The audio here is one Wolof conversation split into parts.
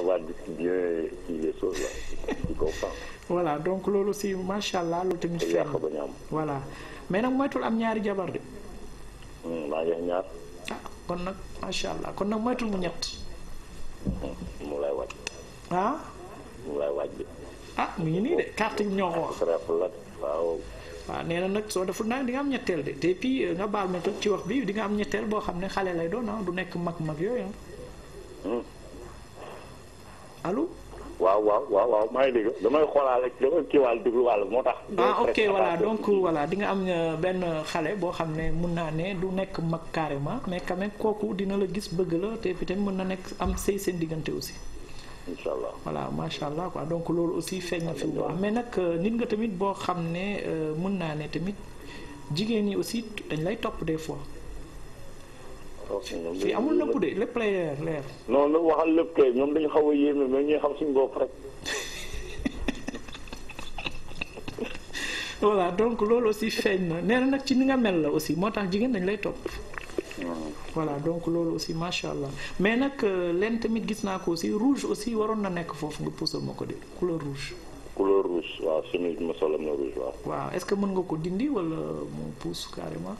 avoir donc loolu si macha allah loolu tamit. feeñ voilà mais nag moytul am ñaari jabar de. Hmm, maa ngi ñaar. ah kon nag macha allah kon nag moytul mu ñett. Hmm, mu lay waaj. ah. mu lay waaj bi. Ah, ngi nii de carte yi ñoo xool. waaw. waaw nee na nag soo deful naa di am ñetteel de te puis euh, nga baal ma ci wax bi di nga am ñetteel boo xam ne xale lay doon ah du nekk mag-mag yooyu ah. hmm. allo. waaw waaw waaw waaw maa ngi dégg damay xoolaale damay kiiwaal dégluwaale moo tax. ah ok voilà donc voilà di nga am euh, benn xale boo xam ne mun naa ne du nekk mag carrément mais quand kooku dina la gis bëgg la te fi tamit mën na nekk am sëy seen diggante aussi. incha allah voilà macha allah quoi donc loolu aussi feeñ na fi bu mais nag euh, nit nga tamit boo xam ne euh, mun naa ne tamit jigéen ñi aussi dañ lay topp des fois. toog si ñoom. fii amul nëpp de lépp la leer leer. non lu waxal lépp kay ñoom dañu xaw a yéeme mais ñuy xam suñu bopp rek. voilà donc loolu aussi feeñ na nee nag ci ni nga mel la aussi moo tax jigéen dañ lay topp. Hmm. voilà donc loolu aussi macha allah mais nag euh, leen tamit gis naa ko aussi rouge aussi waroon na nekk foofu nga puusal ma ko de couleur rouge. couleur rouge waaw chemise bi ma sol rouge waaw. waaw mën nga ko dindi wala mu puus carrément.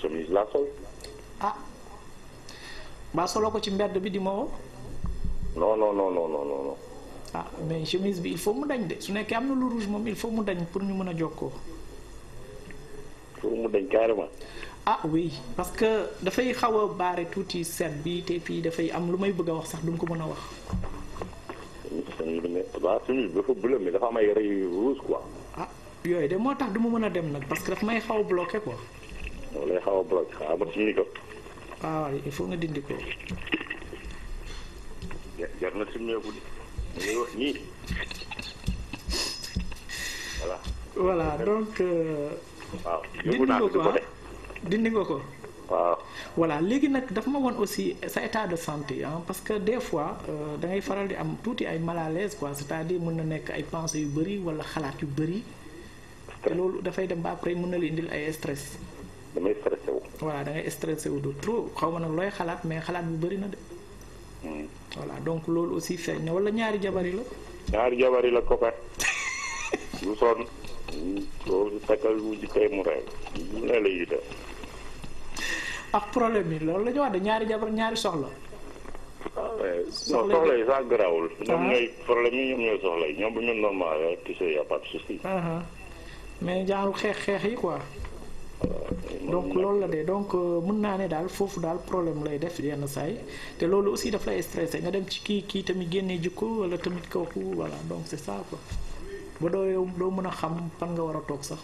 chemise laa sol. ah mbaa solo ko ci mbedd bi di ma woo. non non non non non non. ah mais chemise bi il faut mu dañ de su nekkee am na lu rouge moom il faut mu dañ pour ñu mën a jokkoo. pour mu dañ carrément. ah oui parce que dafay xaw a baare tuuti seet bi te puis dafay am lu may bëgg a wax sax du ma ko mën a wax. waaw chemise dafa bleu mais dafa am ay rëy rouge quoi. ah yooyu de moo tax du ma mën a dem nag parce que daf may xaw a bloqué quoi. waaw a bloqué ah, il faut nga dindi ko. jar na voilà. voilà donc. Euh, waaw yóbbu ko ah? dindi nga ko waaw. voilà léegi nag daf ma woon aussi sa état de santé ah, parce que des fois euh, da ngay faral di am tuuti ay mal à c'est-à-dire mën na nekk ay pensées yu bëri wala xalaat yu bëri te loolu dafay dem ba après mën na la indil ay stress. damay stressé wu. voilà da ngay trop xaw ma nag looy xalaat mais xalaat bu bari na de. Hmm. voilà donc loolu aussi feeñ na wala ñaari jabar yi la. ñaari jabar yi la koppar. du loolu takkal wu ji kay mu rey lu ne la yi def. ak wax de ñaari jabar ñaari soxla. Ah, non soxla yi sax garaawul. ñoom ah. ñu normal tu sais y uh-huh. mais jaaru xeex xeex yi quoi. donc loolu la de donc euh, mun naa ne daal foofu daal problème lay def yenn saay te loolu aussi daf lay stressé nga dem ci kii kii tamit génnee jikko wala tamit kooku voilà donc c'est ça quoi ba doo doo mën a xam fan nga war a toog sax.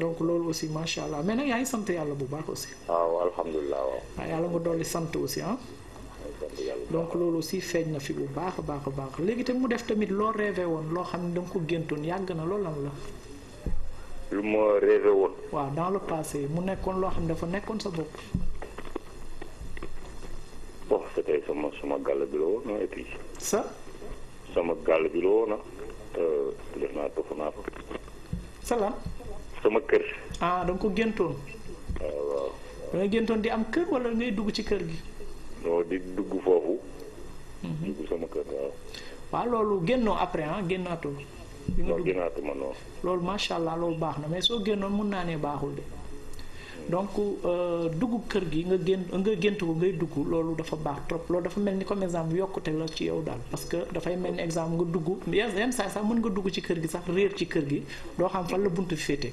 donc loolu aussi macha allah mais nag yaa ngi sant yàlla bu baax aussi. Ah, waaw alhamdulilah waaw. waaw ah, yàlla sant aussi ah. donc loolu aussi feeñ na fi bu baax a baax a baax léegi tamit mu def tamit loo rêvé woon loo xam ne da ko géntoon yàgg na loolu la. lu ma rêvé woon. waaw dans le passé mu nekkoon loo xam ne dafa nekkoon sa bopp. bon c'était sama sama gàll bi la woon ah et puis. sama gàll bi la woon ah. te sama kër. ah da ko géntoon. Ah, waaw géntoon di am kër wala ngay dugg ci kër gi. non di dugg foofu. Mhm. dugg sama kër waaw. waaw loolu génnoo après ah génnaatoo. loolu gënaatuma noonu. loolu macha allah loolu baax na mais soo génnoon mun naa ne baaxul de donc euh, dugg kër gi nga génn nga gént ko ngay dugg loolu dafa baax trop loolu dafa mel ni comme exemple yokkute la ci yow daal parce que dafay mel ni exemple nga dugg yenn saa sax mën nga dugg ci kër gi sax réer ci kër gi doo xam fal la buntu féete.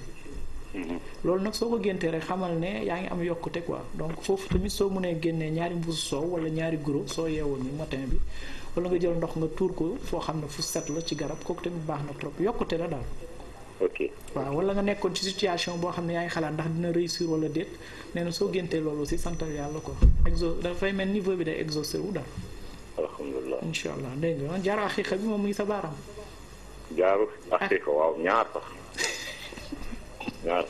loolu nag soo ko géntee rek xamal ne yaa ngi am yokkute quoi donc foofu tamit soo mënee génnee ñaari mbuus soow wala ñaari guro soo yeewoo ni matin bi wala nga jël ndox nga tuur ko foo xam ne fu set la ci garab kooku tamit baax na trop yokkute la daal. ok waaw wala nga nekkoon ci situation boo xam ne yaa ngi xalaat ndax dina réussir wala déet nee na soo géntee loolu aussi santal yàlla ko exo dafay mel niveau bi day exauster wu daal. alhamdulilah incha allah dégg nga jaaru aqiqa bi moom muy sa baaram. jaaru aqiqa ñaar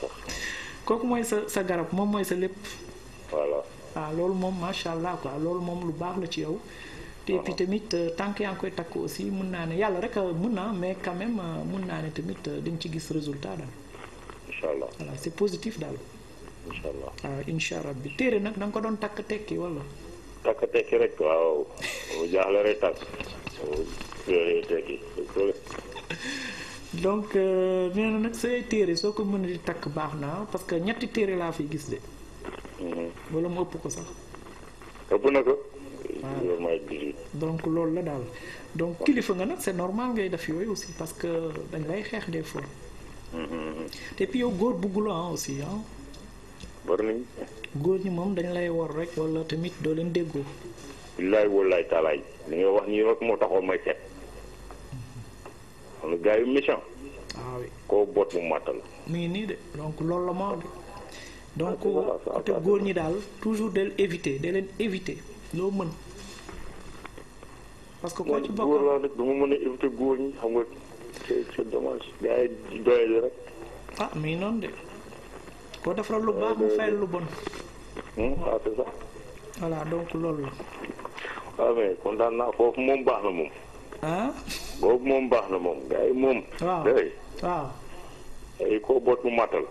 kooku mooy sa sa garab moom mooy sa lépp. voilà waaw ah, loolu moom macha allah quoi loolu moom lu baax la ci yow. te puis tamit euh, tànk yaa ngi koy takk aussi mun naa ne yàlla rek mun naa mais quand euh, mun naa ne tamit euh, di ci gis résultat daal. incha allah voilà ah, bi téere nag da ko doon takk tekki wala. takk tekki rek waaw bu rek takk donc euh, nee na nag say téere soo ko mën di takk baax naa parce que ñetti téere laa fi gis de. Mm-hmm. wala mu ëpp ko sax. ëpp na ko. donc loolu la daal donc kilifa nga nag c'est normal ngay def yooyu aussi parce que dañ lay xeex de fois. Mm-hmm. te puis góor buggul ah aussi ah. war nañ. góor ñi moom dañ lay wor rek wala tamit doo leen déggoo. billaay walaay taalaay li nga wax nii rek moo taxoon may seet. kon gars yu mission. Ah waaw koo boot mu màttal. mu ngi nii de donc loolu la moo ah, de. donc côté é, ñi daal toujours del éviter da leen éviter loo mën. parce que koo ci bokk góor laa rek du ma mën a éviter góor ñi xam nga c'est c'est dommage gars yi doyale rek. ah mi noonu de koo defaral lu ah, baax mu fayal lu bon. Hmm, ah c'est ça. voilà donc loolu la. waaw mais kontaan naa foofu moom baax na moom. ah. boobu moom baax na moom gars moom. waaw waaw. ay koo boot mu matal.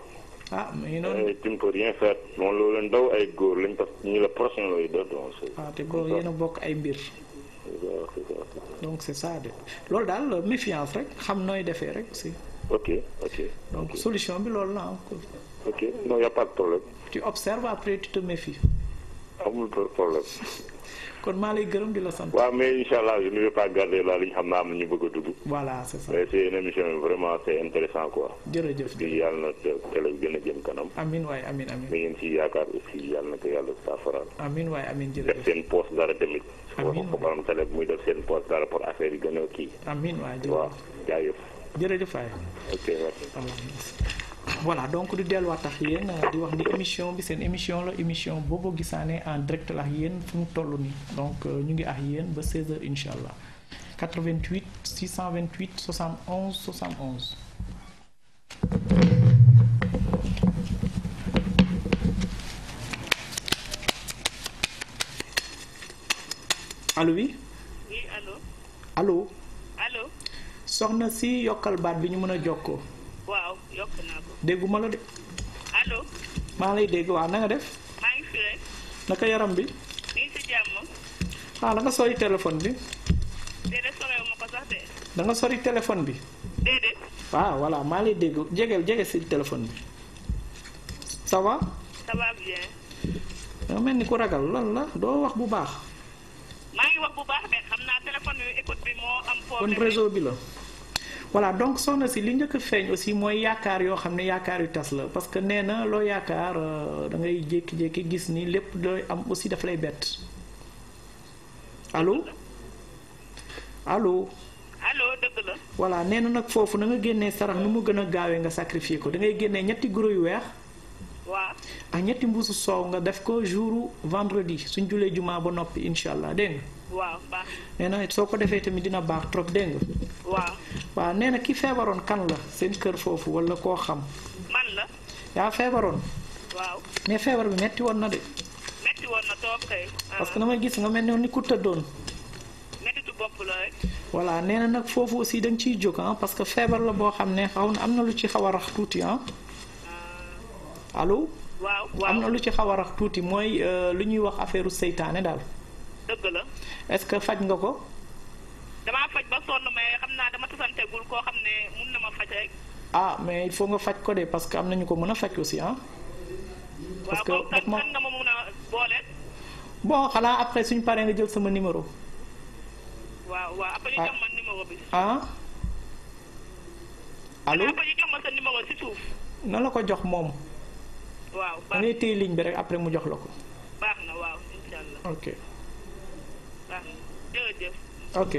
ah mais noonu tu ne peux rien faire moom loolu leen daw ay góor lañ parce que ñu la prochain looy doon doon sëy. waaw ah, te góor yéen a bokk ay mbir. donc c'est ça de loolu daal méfiance rek xam nooy defee rek si. ok ok donc solution bi loolu la encore. ok non y a pas de problème. tu observes après tu te méfies. amul problème. kon maa lay gërëm di la sant. waaw mais incha allah je ne vais pas garder la ligne xam naa am ñu bëgg a dugg. voilà c' mais c' est une émission vraiment c' est intéressant quoi. di yàlla na bi gën a jëm kanam. amiin waay amiin amiin. da ngeen ciy yaakaar aussi yàlla na ko yàlla saafaral. amiin waay amiin jërëjëf def seen poste dara tamit. amiin ko borom télé bi muy def seen poste dara pour affaire yi gën a kii. amiin waay jërëjëf waaw jaajëf. jërëjëf waay. ok merci. voilà donc le dialogue ak yéen euh, di wax ni émission bi sen émission la émission bobo en direct la ak donc euh, ñu ngi à yéen ba 16h Inch'Allah. 88 628 71 71. allo oui. oui allo. allo. allo. soxna si yokal baat bi ñu mëna waaw. yokk naa ko dégguma la de allo ma lay degu wa na nga def ma ngi fi rek naka yaram bi ni ngi jamm jàmm ah da nga sori telephone bi déedéet sori mo ko sax de da nga sori telephone bi déedéet wa voilà ma lay degu jegeel jege si telephone bi ça va ça va bien nah, da melni ko ragal lan la do wax bu baax ma ngi wax bu baax mais xamna telephone téléphone bi écoute bi mo am problème kon réseau bi la voilà donc soxna si li ñëk feñ aussi moy yaakar yo xam yaakar yu tass la parce que néna lo yaakar euh, da ngay jék jék gis ni lépp do am aussi daf lay bett allô allô allô deug la voilà néna nak fofu na nga génné sarax nu mu gëna gaawé nga sacrifier ko da ngay génné ñetti guro yu weex ah ñetti mbuusu soow nga def ko jouru vendredi suñ julee jumaa ba noppi incha allah dégg nga. waaw nee na soo ko defee tamit dina baax trop dégg nga. waaw waaw nee na ki feebaroon kan la seen kër foofu wala koo xam. man la. yaa feebaroon. waaw mais feebar bi metti woon na de. metti na toog que dama gis nga mel ni ku tëddoon. mettitu bopp la nee na nag foofu aussi da ciy jóg ah parce que feebar la boo xam ne xaw na am na lu ci xaw a rax tuuti ah. ah. waaw am na lu ci xaw a rax tuuti mooy euh, lu ñuy wax affaire seytaane daal. dëgg la. est-ce que faj nga ko. damaa faj ba sonn mais xam naa dama tasanteegul koo xam ne mun na ma faj rek. ah mais il nga faj ko de parce que am na ñu ko mën a faj aussi ah. que ma nga boole. bon xanaa après suñ paree nga jël sama numéro. waaw waaw après ñu ah. jox ah. sa numéro si suuf. na la ko jox moom. On est en ligne après mu jox ok. ok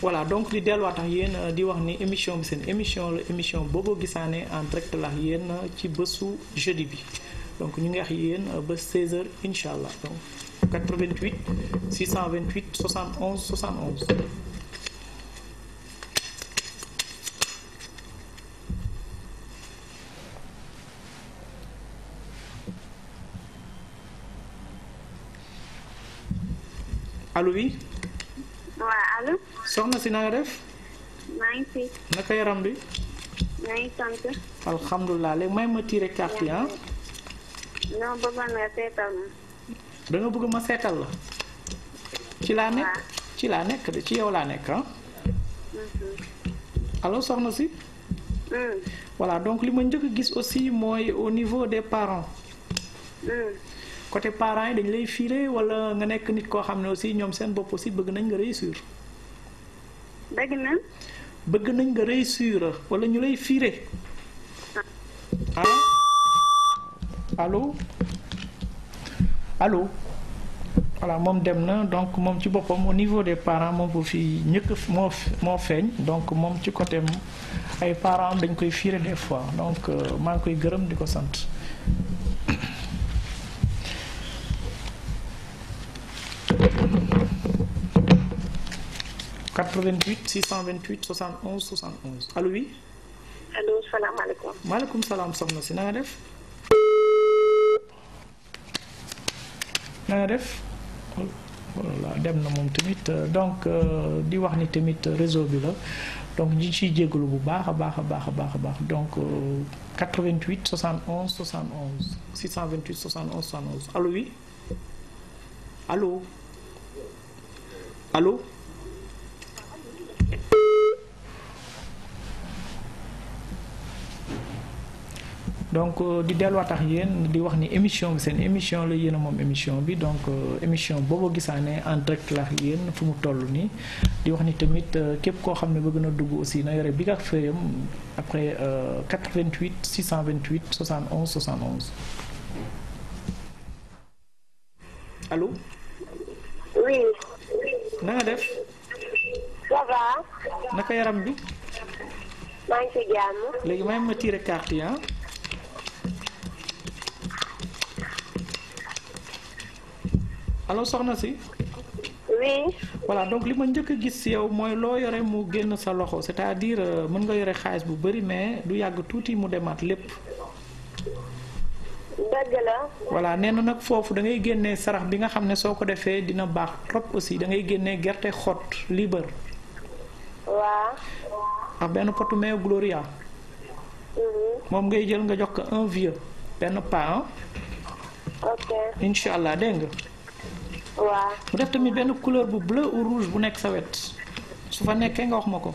voilà donc l'idée de ak yéen euh, di wax ni émission bi émission la émission Bobo Gisane, en direct la yéen euh, ci jeudi bi donc nous ngi wax 16h inshallah. donc 88 628 71 71. allo oui. waaw allo. si na nga def. tu ngi fi. naka yaram Alhamdulillah, carte ah? non pas mal ma. nga ma seetal ci Tu ci Tu ci yow ah? mm-hmm. Allô, mm. voilà donc les ma aussi moi au niveau des parents. Mm. côté parent yi dañ lay fiire wala nga nekk nit koo xam ne aussi ñoom seen bopp aussi bëgg nañ nga réussir. dëgg na. bëgg nañ nga réussir wala ñu lay fiire. allo allo allo. moom dem na donc moom ci boppam au niveau des parent moom bu fi ñëkk moo moo feeñ donc moom ci côté ay parents dañ koy fiire des fois donc euh, maa ngi koy gërëm di ko sant. 88 628 71 71 allô oui. allo salam Alaikum. malikum salam salam na voilà dem mon donc euh, di wax ni tamit réseau bi donc dj ciy jégalu bu bar, bar, donc 88 71 71 628 71 71 allô oui allô allo. donc euh, di delluwaat tax yéen di wax ni émission bi une émission la yéen mom émission bi donc euh, émission bobo gisaane en direct la ak yéen fu mu di wax ni tamit euh, képp ko xam ne na dugg aussi na yore après 88 628 71 71. Allô oui. na nga def. ça va. naka yaram bi. maa ngi ci jàmm. may ma carte hein allo soxna si. oui. voilà donc li ma ñëk a gis ci yow moy lo yoré mu génn sa loxo c'est-à-dire euh, mën nga yoré xaalis bu bari mais du yag touti mu démat lépp. dëgg la. voilà néna nak fofu da ngay génné sarax bi nga xamné soko défé dina baax trop aussi da ngay génnee gerte xot libre. Wa. ndax benn potu meew Gloria. Mom mhm. ngay jël nga jox ko un vieux benn pain. ok incha deng. nga. waaw mu def tamit benn couleur bu bleu ou rouge bu nekk sa wet su fa nekkee nga wax ma ko.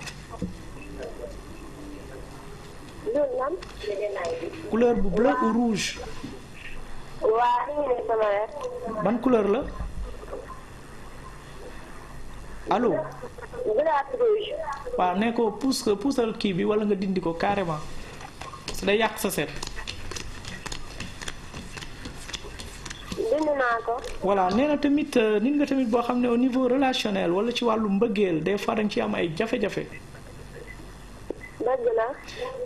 couleur bu bleu ou rouge. ban couleur la. allo. waaw ne ko pousse poussal kii bi wala nga dindi ko carrément. parce day yàq sa set. bind naa voilà nee tamit euh, nit nga tamit boo xam ne au niveau relationnel wala ci wàllu mbëggeel de fois danga ci am ay jafe-jafe.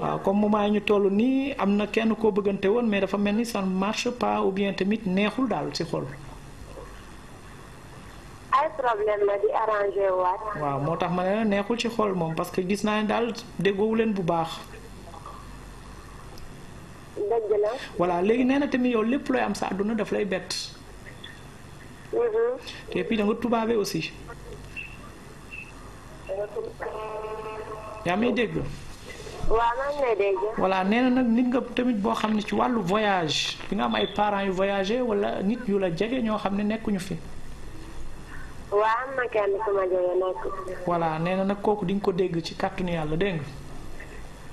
waaw comme moment yi ñu toll nii am na kenn koo bëggante woon mais dafa mel ni ça ne marche pas ou bien tamit neexul daal ci xol. ay problème la di arrangé waat. waaw moo tax ma ne la neexul ci xol moom parce que gis naa ne daal déggoowu leen bu baax. dëgg voilà léegi nee na tamit yow lépp looy am sa àdduna daf lay bett. Mm-hmm. te puis da nga aussi. yaa may dégg. waaw man lay dégg. voilà nee na nag nit nga tamit boo xam ne ci wàllu voyage bi nga am ay parents yu voyagé wala nit yu la jege ñoo xam ne nekkuñu fi. waaw am nee na nag kooku di nga ko dégg ci kàttanu yàlla dégg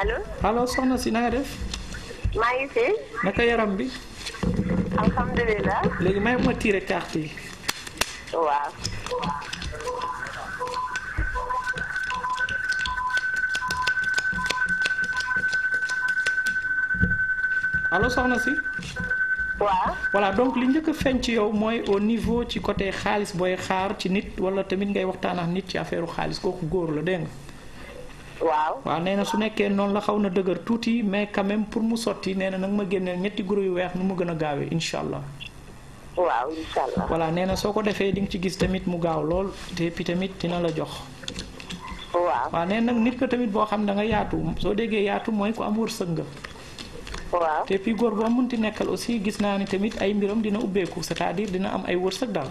allo allo soxna si na nga def maa ngi fi naka yaram bi alhamdulilah léegi may ma tiré carte yi waaw allo soxna si waaw voilà donc li njëkk a ci yow mooy au niveau ci côté xaalis booy xaar ci nit wala tamit ngay waxtaan ak nit ci affaire xaalis kooku góor la dégg nga waaw waaw nee na su nekkee noonu la xaw na dëgër tuuti mais quand pour mu sotti nee na nag ma génneel ñetti guro yu weex nu mu gën a gaawee incha allah. waaw incha allah voilà nee na soo ko defee di nga ci gis tamit mu gaaw lool te puis tamit dina la jox. waaw waaw nag nit ko tamit boo xam da nga yaatu soo déggee yaatu mooy ku am wërsëg nga. te puis góor boo munti nekkal aussi gis naa ni tamit ay mbiram dina ubbeeku sa à dina am ay wërsëg daal.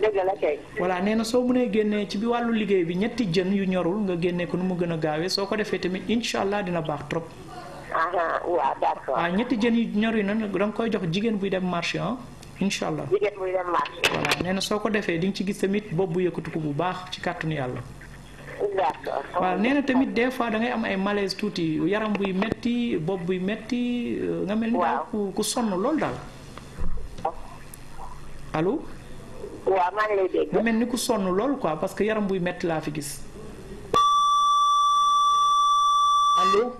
dëgg la nee na soo mënee génnee ci bi wàllu liggéey bi ñetti jën yu ñorul nga génne ko nu mu gën a gaawee soo ko defee tamit incha allah dina baax trop. waaw ñetti jën yu ñor yi noonu da nga koy jox jigéen buy dem marché ah. incha allah jigéen na soo ko di nga ci gis tamit bu yëkkatu ko bu baax ci kàttanu yàlla. d'accord waaw nee tamit des fois da ngay am ay malaise tuuti yaram buy metti bopp buy metti euh, nga mel ni daal ku sonn loolu daal. allo. waaw maa ngi lay dégg. mel ni ku sonn lool quoi parce que yaram buy métti laa fi gis. allo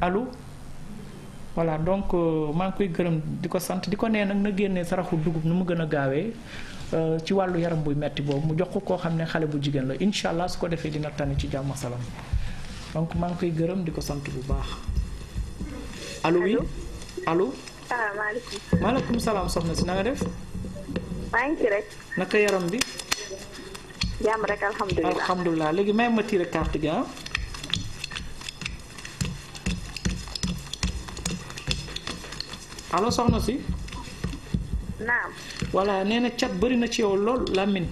allo. voilà donc euh, maa ngi koy gërëm di ko sant di ko nee nag na génne saraxu dugub nu mu gën a gaawee euh, ci wàllu yaram buy metti boobu mu jox ko koo xam ne xale bu jigéen la incha allah su ko defee dina tane ci jàmm salaam donc maa ngi koy gërëm di ko sant bu baax. allo oui allo. salaamaaleykum. Ah, maaleykum salaam soxna si na nga def. maa naka yaram bi. jàmm rek alhamdulilah léegi may ma tiré carte gi ah. soxna si. naam. voilà nee na cat bëri na ci yow lool làmmiñ.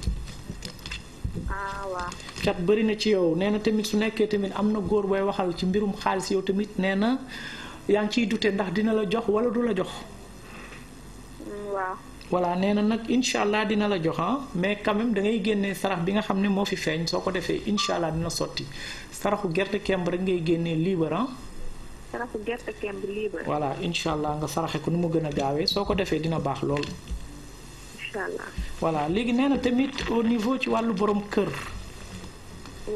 ah cat bëri na ci yow nee tamit su nekkee tamit am na góor booy waxal ci mbirum xaalis yow tamit nee na yaa ngi ciy dute ndax dina la jox wala du la jox. Mm, voilà nee na nag incha allah dina la jox ah. mais quand même da ngay génnee sarax bi nga xam ne moo fi feeñ soo ko defee incha allah dina sotti saraxu gerte kemb rek ngay génnee libre ah. saraxu gerte voilà incha allah nga saraxe ko nu mu gën a gaawee soo ko defee dina baax lool. incha voilà léegi nee na tamit au niveau ci wàllu borom kër.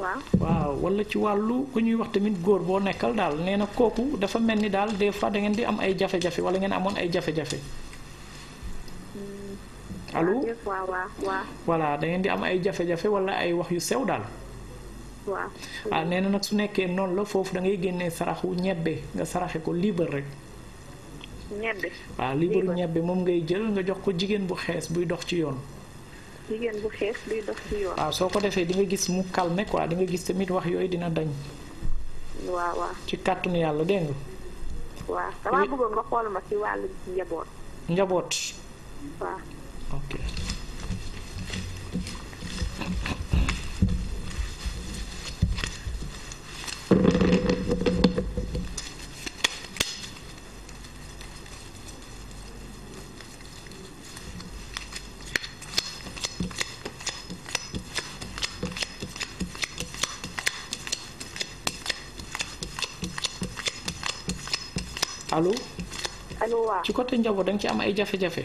waaw waaw wala ci wàllu ku ñuy wax tamit góor boo nekkal daal nee na kooku dafa mel ni daal des fois da ngeen di am ay jafe-jafe wala ngeen amoon ay jafe allo voilà dangeen di am ay jafe-jafe wala ay wax yu sew daal. waaw ah, nee na nag su nekkee noonu la foofu dangay ngay génnee saraxu ñebbe nga saraxe ko libre rek. ñebbe waaw libre ñebbe moom ngay jël nga jox ko jigéen bu xees buy dox ci yoon. jigéen bu xees waaw soo ko defee di nga gis mu calme quoi di nga gis tamit wax yooyu dina dañ. waaw waaw ci yàlla dégg ci wàllu njaboot. njaboot. Okay. alo à, waaw ci côté njaboot da nga ci am ay jafe-jafe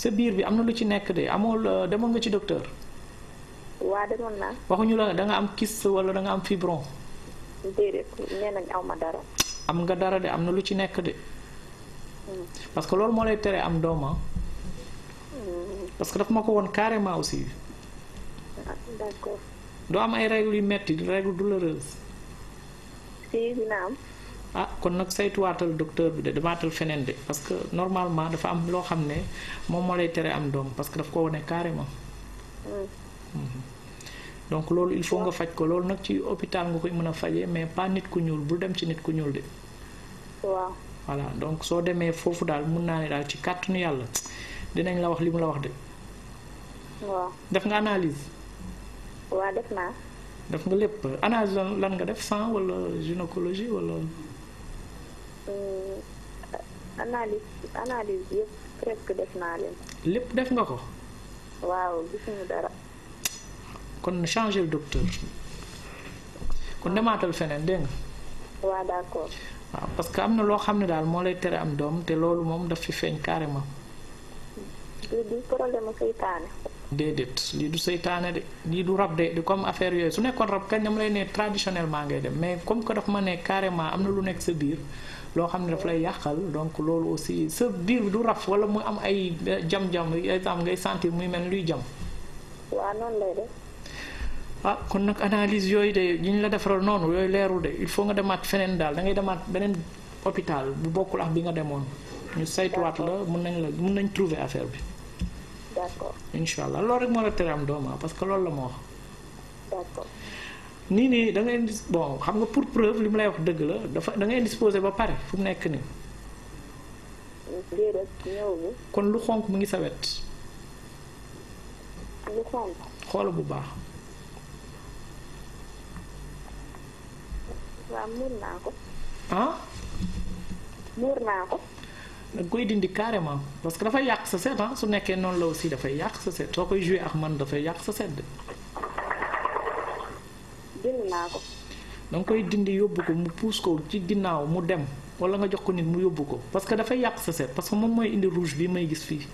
sa biir bi am na lu ci nekk de amoon demoon nga ci docteur. waa demoon naa. waxuñu la da nga am kyste wala da nga am fibron. déedéet nee nañ dara. am nga dara de am na lu ci nekk de. Hmm. parce que loolu moo lay tere am dooma ah. hmm. parce que daf ma ko woon carrément aussi. Ah, d'accord. doo am ay règles yu metti règles douloureuses. si dina am. ah kon nag saytuwaatal docteur bi de demaatal feneen de parce que normalement dafa am loo xam ne moom moo lay tere am doom parce que daf ko wane carrément. Hmm. donc loolu il faut nga faj ko loolu nag ci hôpital nga koy mën a fajee mais pas nit ku ñuul bul dem ci nit ku ñuul de. waaw voilà donc soo demee foofu daal mun naa ne daal ci kàttanu yàlla dinañ la wax li mu la wax de. waaw def nga analyse. waaw def naa. def nga lépp analyse lan nga def sang wala gynécologie wala. Euh, analyse analyse yëpp presque def naa leen. lépp def nga ko. waaw gisuñu dara. kon changer docteur kon demaatal feneen dégg nga. waaw d'accord. waaw parce que am na loo xam ne daal moo lay tere am doom te loolu moom daf fi feeñ carrément. du du problème seytaane. déedéet lii du seytaane de lii du rab de comme affaire yooyu su nekkoon rab kañ dama lay ne traditionnellement ngay dem mais comme que dafa ma ne carrément am na lu nekk sa biir loo xam ne daf lay yàqal donc loolu aussi sa biir du rab wala mu am ay eh, jam-jam exemple ngay sentir muy mel luy jam. waaw noonu lay def. ah kon nag analyse yooyu de yi ñu la defaral noonu yooyu leeru de il faut nga demaat feneen daal dangay demaat beneen hôpital bu bokkul ak bi nga demoon. ñu saytuwaat la mun nañ la nañ trouver affaire bi. d'accord incha allah loolu rek moo la tere am doom ah, parce que loolu la ma wax. d'accord nii nii da indi bon xam nga pour preuve li mu lay wax dëgg la dafa dangay ngay ba pare fu mu nekk nii. kon lu xonk mu ngi sa wet. lu xonk. xoola bu baax. waaw muur naa ko. ah. muur naa ko. da koy dindi carrément parce que dafay yàq sa set ah, su nekkee noonu la aussi dafay yàq sa set soo koy joué ak man dafay yàq sa set de. dindi nga koy dindi yóbbu ko mu puus ko ci ginnaaw mu dem wala nga jox ko nit mu yóbbu ko parce que dafay yàq sa set parce que moom mooy indi bi may gis fii.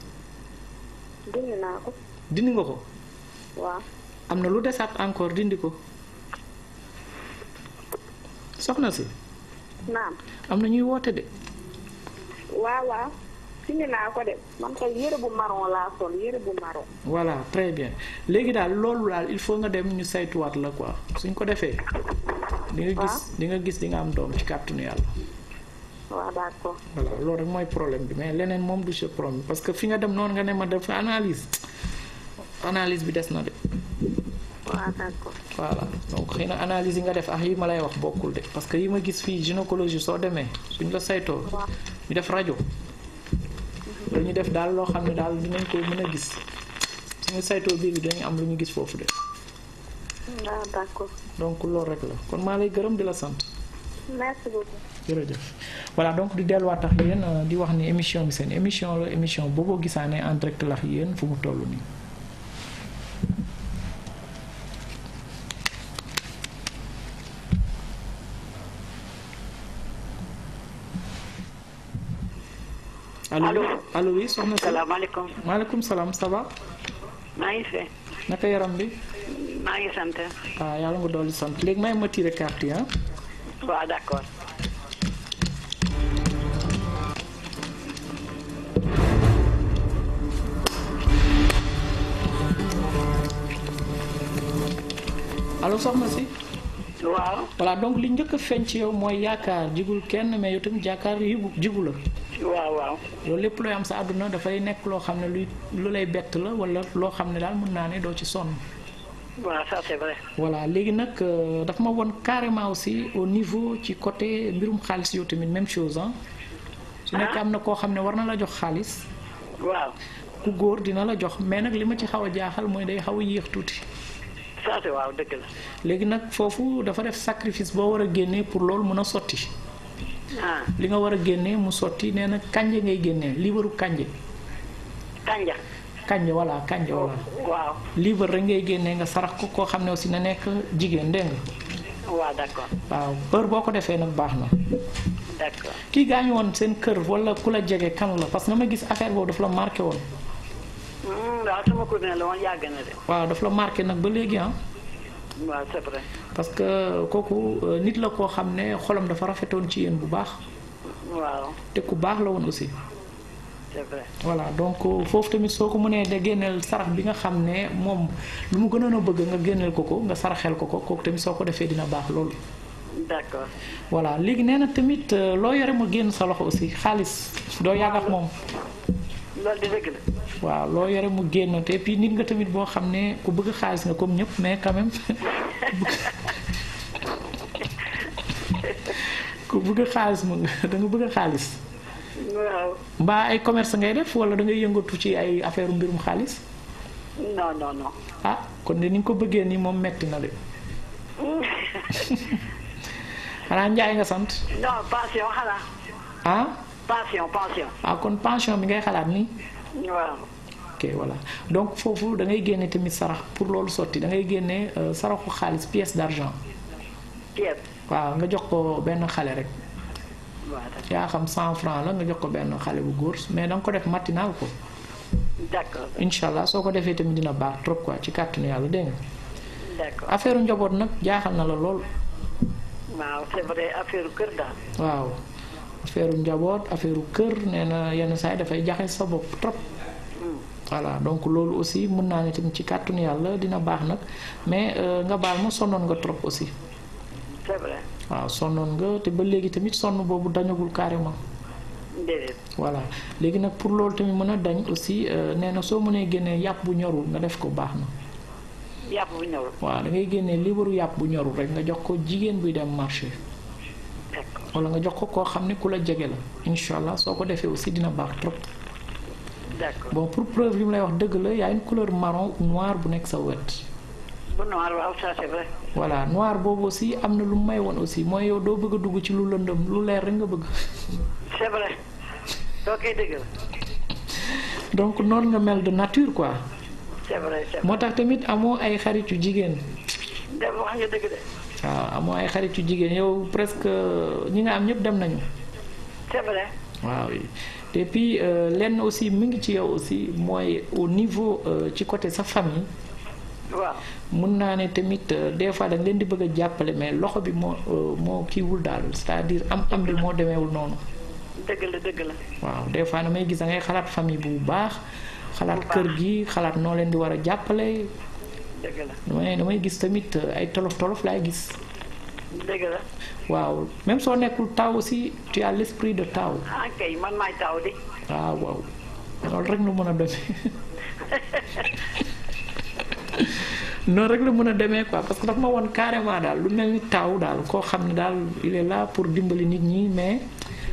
dindi dindi nga ko. am na lu desaat encore dindi ko. soxna si. naam am na ñuy woote de. waawaa waaw signé naa ko de man kay yére bu marron laa sol yére bu marron. voilà très bien léegi daal loolu daal il faut nga dem ñu saytuwaat la quoi suñ ko defee. di nga gis di nga gis di nga am doom ci kàttanu yàlla. waaw d'accord. voilà loolu rek mooy problème bi mais leneen moom du ce problème parce que fi nga dem noonu nga ne ma def analyse analise bi des na de. waaw d'accord voilà donc xëy na analyse yi nga def ah yi ma lay wax bokkul de parce que yi ma gis fii gynécologie soo demee suñ la saytoo ñu def rajo lu ñu def daal loo xam ne daal dinañ ko mën a gis saytoo biir bi dañu am lu ñu gis foofu de donc loolu rek la kon maa lay gërëm di la sant jërëjëf voilà donc di delluwaat yéen di wax ni émission bi seen émission la émission booboo gisaane en direct lax yéen fu mu toll nii allo allo oui soxna si salaam ça maa ngi fi. naka yaram bi. maa ngi sant. waaw ah, yàlla nga sant léegi may ma tiré carte yi ah. waaw d'accord. allo li njëkk a feeñ ci yow mooy yaakaar jigul kenn mais yow tamit jaakaar yigu jigu la. waaw waaw. loolu lépp looy am sa àdduna dafay nekk loo xam ne luy lu lay bett la wala loo xam ne daal mën naa ne doo ci sonn. waaw voilà léegi nag euh, dafa ma won carrément aussi au niveau ci côté mbirum xaalis yow tamit même chose ah. su nekk ah. am na koo xam ne war na la jox xaalis. waaw. ku góor dina la jox mais nag li ma ci xaw a jaaxal mooy day xaw a yéex tuuti. ça c'est waaw léegi nag foofu dafa def sacrifice boo war a génnee pour loolu mën a sotti. Ah. li nga war a génne mu sotti nee na kànja ngay génne liibaru kànja. kànja. kànja voilà kànja voilà. waaw liibar rek ngay génne nga sarax ko koo xam ne aussi na nekk jigéen dégg waaw d'accord. waaw heure boo ko defee nag baax na. d'accord kii gaañu woon seen kër wala ku la jege kan la parce que ma gis affaire boobu daf la marqué woon. Hmm, waaw sama la woon la marqué nag ba léegi ah. parce que kooku euh, nit la koo xam ne xolam dafa rafetoon ci yéen bu baax. te ku baax la woon aussi. c'est voilà donc euh, foofu tamit soo ko mënee da génneel sarax bi nga xam ne moom lu mu gënoon a bëgg nga génneel ko ko nga saraxel ko ko kooku tamit soo ko defee dina baax loolu. d'accord voilà léegi nee na tamit euh, loo yore mu génn sa loxo aussi xaalis doo yàgg ak moom. waaw loo yore mu génn te et nit nga tamit boo xam ne ku bëgg xaalis nga comme ñëpp mais quand même ku bëgg xaalis mu da nga bëgg xaalis. waaw. mbaa ay commerce ngay def wala da ngay yëngatu ci ay affaire mbirum xaalis. non non non. ah kon de ni ko bëggee nii moom metti na de. xanaa Njaay nga sant. non pension xanaa. ah. pension pension. ah kon pension bi ngay xalaat nii. waaw. ok voilà donc foofu da ngay génne tamit sarax pour loolu sotti da ngay génne euh, saraxu xaalis pièce d'argent. pièce. waaw nga jox ko benn xale rek. yaa xam 100 francs la nga jox ko benn xale bu góor mais da nga ko def matinal ko. d'accord incha soo ko defee tamit dina baax trop quoi ci kàttanu yàlla de nga. d'accord affaire njaboot nag jaaxal na la lool. waaw c'est vrai kër daal. waaw. affaire njaboot affaire u kër nee na yenn saa dafay jaxe sa bopp trop voilà donc loolu aussi mën naa ne tamit ci kàttanu yàlla dina baax nag mais euh, nga baal ma sonnoon nga trop aussi. c'est vrai. waaw sonnoon nga te ba léegi tamit sonn boobu dañagul carrément. voilà léegi nag pour loolu tamit mën a dañ aussi euh, nee na soo mënee génnee yàpp bu ñorul nga def ko baax na. yàpp bu ñorul. waaw da ngay génnee libaru yàpp bu ñorul rek nga jox ko jigéen buy dem marché. wala nga jox ko ko xam kula jégué la inshallah soko défé aussi dina bax trop. d'accord bon pour preuve li lay wax deug la y une couleur marron noir bu nek sa wet. bu noir wa ça c'est vrai. voilà noir bobu aussi amna lu may won aussi moy yow do bëgg dugg ci lu lëndëm lu leer rek nga bëgg. c'est vrai doo koy dëgg la. donc non nga mel de nature quoi. c'est vrai c'est vrai motax tamit amo ay xarit yu jigen dem wax nga deug de. waaw ah, amoo ah, ay xaritu jigéen yow presque euh, ñi nga am ñëpp dem nañu. c'est vrai. waaw ah et euh, lenn aussi mu ngi ci yow aussi mooy au niveau euh, ci côté sa famille. waaw mun naa ne tamit des fois dañ leen di bëgg a jàppale mais loxo bi moo moo kiiwul daal c'est-à-dire am-am bi moo demeewul noonu. dëgg la dëgg la. waaw des fois may gis da ngay xalaat famille bu baax. xalaat kër gi xalaat noo leen di war a jàppale. dëgg la damay gis tamit euh, ay tolof tolof laay gis. dëgg waaw même soo nekkul taw aussi tu as de taaw. ah kay man maay taaw de. ah waaw loolu rek nu mën a demee noonu rek la mën a demee quoi parce que dafa ma woon carrément daal lu mel ni taaw daal koo xam ne daal il est pour dimbali nit ñi mais.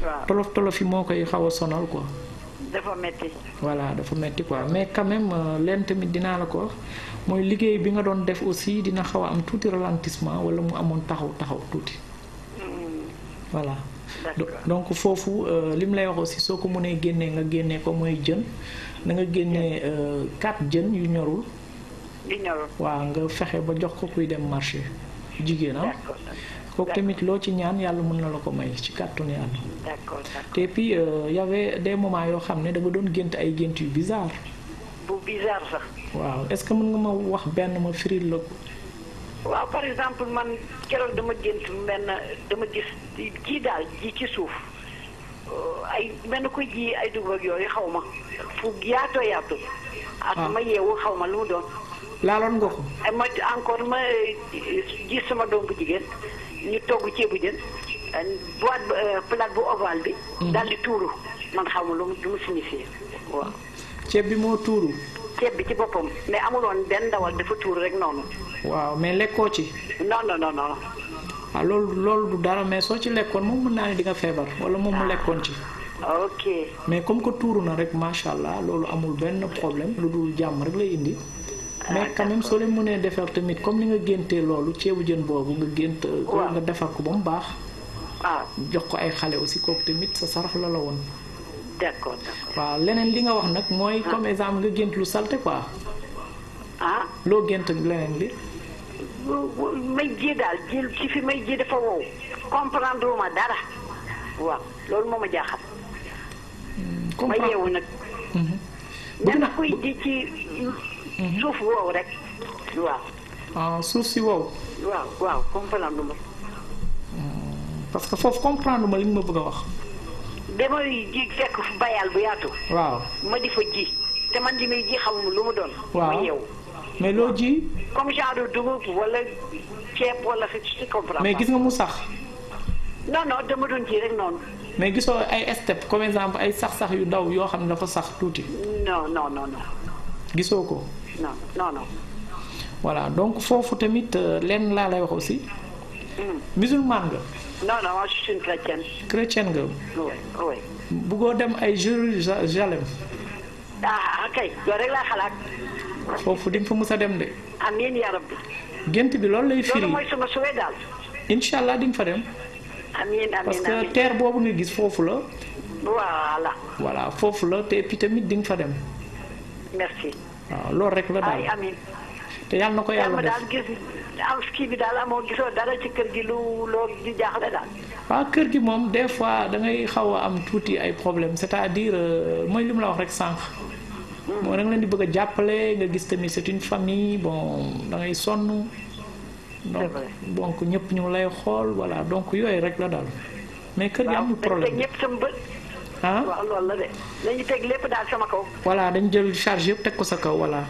waaw tolof tolof yi moo koy xaw a sonal quoi. dafa metti. voilà dafa metti quoi mais quand euh, leen tamit dinaa la ko. mooy liggéey bi nga doon def aussi dina xaw am tuuti ralentissement wala mu amoon taxaw taxaw tuuti. Mm. voilà donc foofu euh, li mu lay wax aussi soo ko mënee génnee nga génnee ko mooy jën na nga génnee mm. euh, quatre jën yu ñorul. yu waaw nga fexe ba jox ko kuy dem marché jigéen ah. kooku tamit loo ci ñaan yàlla mën na la ko may ci kàttanu yàlla. d'accord te puis euh, y avait des moments yoo xam ne da doon gént ay gént yu bizarre. bu bizarre sax. waaw est-ce que mën nga ma wax benn ma firil la ko. waaw par exemple man keroog dama gént mel na dama gis ji daal ji ci suuf euh, ay mel na koy ji ay dugub yooyu xaw ma fu yaatoo yaatu. Ah. ak ma yeewu xaw ma lu mu doon. laaloon nga ko. ma encore ma ji euh, sama doom bu jigéen ñu togg ceebu jën boîte euh, plate bu ovale bi. Mm-hmm. daal di tuuru man xaw ma lu mu lu mu waaw. ceeb bi moo tuuru. ceeb bi ci boppam mais amuloon benn ndawal dafa tuur rek noonu. waaw mais lekkoo ci. non non non non. ah loolu loolu du dara mais soo ci lekkoon moom mën naa ne di nga feebar wala moom mu ah. lekkoon ci. ok mais comme que tuuru na rek macha allah loolu amul benn problème lu dul jàmm rek lay indi. Ah, mais quand même soo leen munee defar tamit comme ni nga géntee loolu ceebu jën boobu nga gént. ko nga defar ko ba mu baax. Ah. jox ko ay xale aussi kooku tamit sa sarax la la woon. D'accord. accord d' accord waaw leneen li nga wax nag mooy ah. comme exemple nga gént lu quoi. ah loo gént leneen li. may ji daal ji ci fi may ji dafa wow comprendre ma dara waaw loolu moo ma jaaxal. Hmm, comprendre ma yeewu nag. Hmm. bëgg na kuy ji ci hmm. suuf wow rek waaw. ah suuf si wow. waaw waaw comprendre ma. parce que foofu comprendre ma li nga bëgg wax. damay ji fekk fu bayal bu yaatu. waaw ma di fa te man di may lu mu doon. waaw mais loo ji. comme genre dugub wala ceeb wala si mais gis nga mu non non dama doon ji rek noonu. mais gisoo ay step comme exemple ay sax-sax yu ndaw yoo xam ne dafa sax tuuti. non non non non. gisoo ko. non non non. voilà donc foofu tamit euh, lenn laa lay wax aussi. Hmm. musulman nga. non non moi je suis une chrétienne. nga. oui dem ay Jérusalem. ah kay loolu rek laa xalaat. foofu di nga fa mës a dem de. gént bi loolu lay firi loolu mooy di fa dem. amiin parce que terre boobu nga gis foofu la. voilà. voilà foofu la te puis tamit di fa dem. merci. waaw loolu rek la daal. te yàlla na ko yàlla def am kii bi daal amoo gisoo dara ci kër gi lu loo di jaaxle daal. waaw ah, kër gi moom des fois da ngay xaw a am tuuti ay problème c'est-à-dire euh, mooy li mu la wax rek sànq. moo da leen di bëgg a jàppale nga gis tamit c'est une famille bon da ngay sonn. donc donc ñëpp ñu lay xool voilà donc yooyu rek la daal. mais kër gi amul problème ah? loolu la dañu teg lépp daal sama kaw. voilà dañ jël charge yëpp teg ko sa kaw voilà.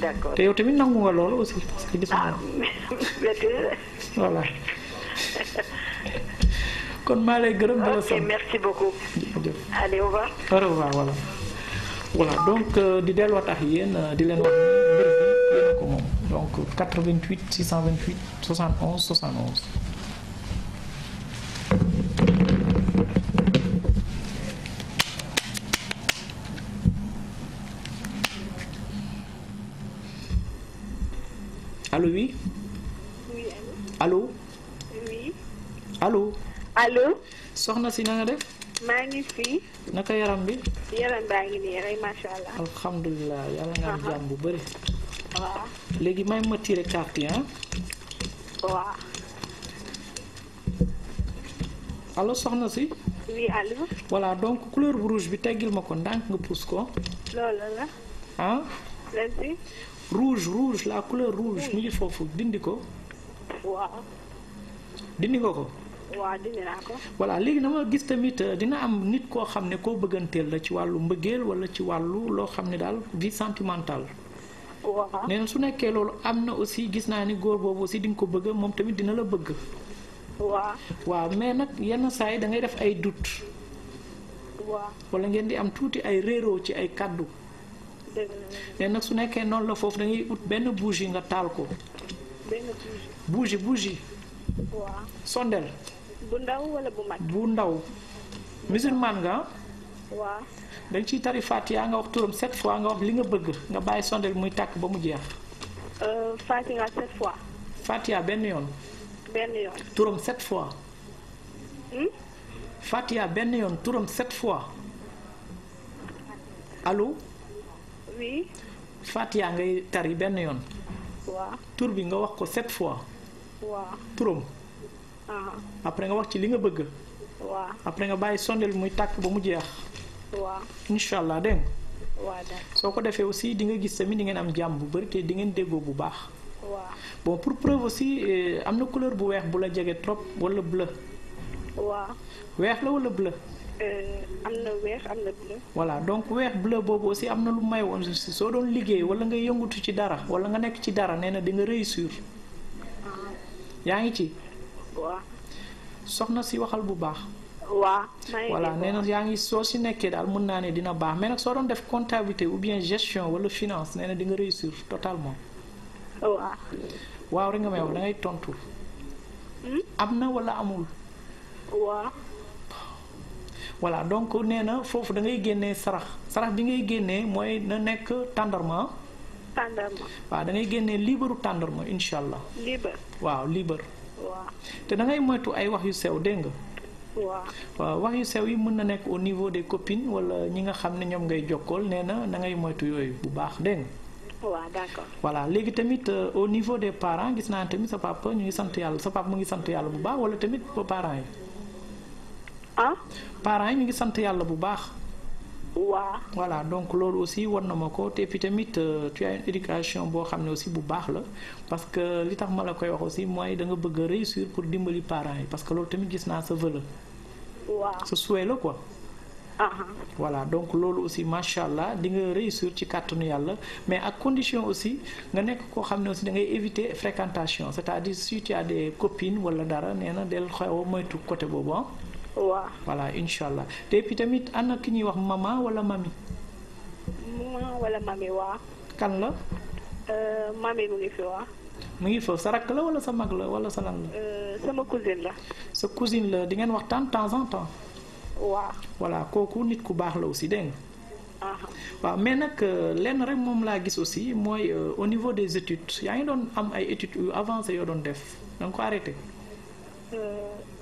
d'accord te yow tamit nangu nga loolu aussi parce que gis naa ah, voilà kon maa lay gërëm di la sant ok merci donc euh, di delluwaat ak yéen euh, di leen wax mbir bi yéen ko moom donc 88 628 71 71. allo oui. oui soxna si na nga def. maa ngi fi. naka yaram bi. yaram baa ngi nii rek macha allah. alhamdulilah yàlla nga jàmm bu bëri. léegi may ma tiré carte yi waaw. soxna si. oui allo. voilà donc couleur bu rouge bi teggil ma ko ndànk nga pousse ko. loolu la. ah. rouge rouge la couleur rouge mu ngi foofu dindi ko. waaw. dindi nga ko. waaw dindi naa ko. voilà léegi dama gis tamit euh, dina am nit koo xam ne koo bëgganteel la ci wàllu mbëggeel walla ci wàllu loo xam ne daal di sentimentale. waaw su nekkee loolu am na aussi gis naa ni góor boobu aussi di ko bëgg moom tamit dina la bëgg. waaw. mais nag yenn saa yi da def ay doute. waaw walla ngeen di am tuuti ay réeroo ci ay kàddu. léegi nag su nekkee noonu la foofu da ut benn bougie nga taal ko. benn bougie. bougie bougie. waaw sondel. bu ndaw wala bu mag. bu ndaw. musulman nga. waaw. dañ ciy tari Fatiha nga wax turam sept fois nga wax li nga bëgg nga bàyyi sondel muy tàkk ba mu jeex. Euh, Fatiha sept benn yoon. benn yoon. turam sept fois. Hmm? Fatiha benn yoon turam sept fois. alo faat yaa ngay tari benn yoon. waaw tur bi nga wax ko sept fois. waaw turam. Ah. après nga wax ci li nga bëgg. waaw après nga bàyyi sondel muy takk ba mu jeex. waaw incha allah dégg nga. soo ko defee aussi di nga gis tamit di ngeen am jàmm bu bari te di ngeen déggoo bu baax. waaw bon pour preuve aussi eh, am na couleur bu weex bu la jege trop wala bleu. weex la wala bleu. Euh, am na weex am bleu. voilà donc weex bleu boobu aussi am na lu may woon si soo doon liggéey wala nga yëngatu ci dara wala nga nekk ci dara nee na di nga réussir. Ah. yaa ngi ci. waaw. soxna si waxal bu baax. waa voilà nee na yaa ngi soo si nekkee daal mën naa ne dina baax mais nag soo doon def comptabilité ou bien gestion wala finance nee na di nga réussir totalement. waaw. waaw rek nga may wax da ngay tontu. Hmm? am na wala amul. waaw. voilà donc nee na foofu dangay génne sarax sarax bi ngay génnee mooy na nekk tàndarma tàndarma waaw da ngay liibaru tàndarma incha allah. liibar waaw liibar. waaw te da ngay moytu ay wax yu sew dégg nga. waaw wax yu sew yi mun na nekk au niveau des copines wala ñi nga xam ne ñoom ngay jokkool nee na da ngay moytu yooyu bu baax dégg nga. waaw d'accord voilà léegi tamit euh, au niveau des parents gis naa tamit sa papa ñu ngi sant yàlla sa papa mu ngi sant yàlla bu baax wala tamit parents yi. ah. parents yi ñu ngi sant bu baax. waaw voilà donc loolu aussi on na ma ko te puis euh, tu as une éducation boo xam aussi bu baax la parce que li tax ma koy wax aussi moi da nga bëgg réussir pour dimbali parents parce que loolu tamit gis naa sa vœu la. souhait là quoi. voilà donc loolu aussi macha d'une di nga réussir ci kàttanu yàlla mais à condition aussi nga nekk koo xam ne aussi da éviter fréquentation c'est-à-dire si tu as des copines wala dara nee na del xew moytu côté bobo ah. waa voilà incha allah te puis tamit ana ki ñuy wax mama wala mami. mama wala mami waa kan la. Euh, mami mu ngi fi waaw. mu ngi foofu sa rakk la wala sa mag la wala sa lan la. Euh, sama cousine la. sa cousine la di ngeen waxtaan temps en temps. waa voilà kooku nit ku baax la aussi dégg nga. Ah. waaw mais nag euh, lenn rek moom laa gis aussi mooy au niveau des études yaa ngi doon am ay études yu avancé yoo doon def da nga ko arrêté.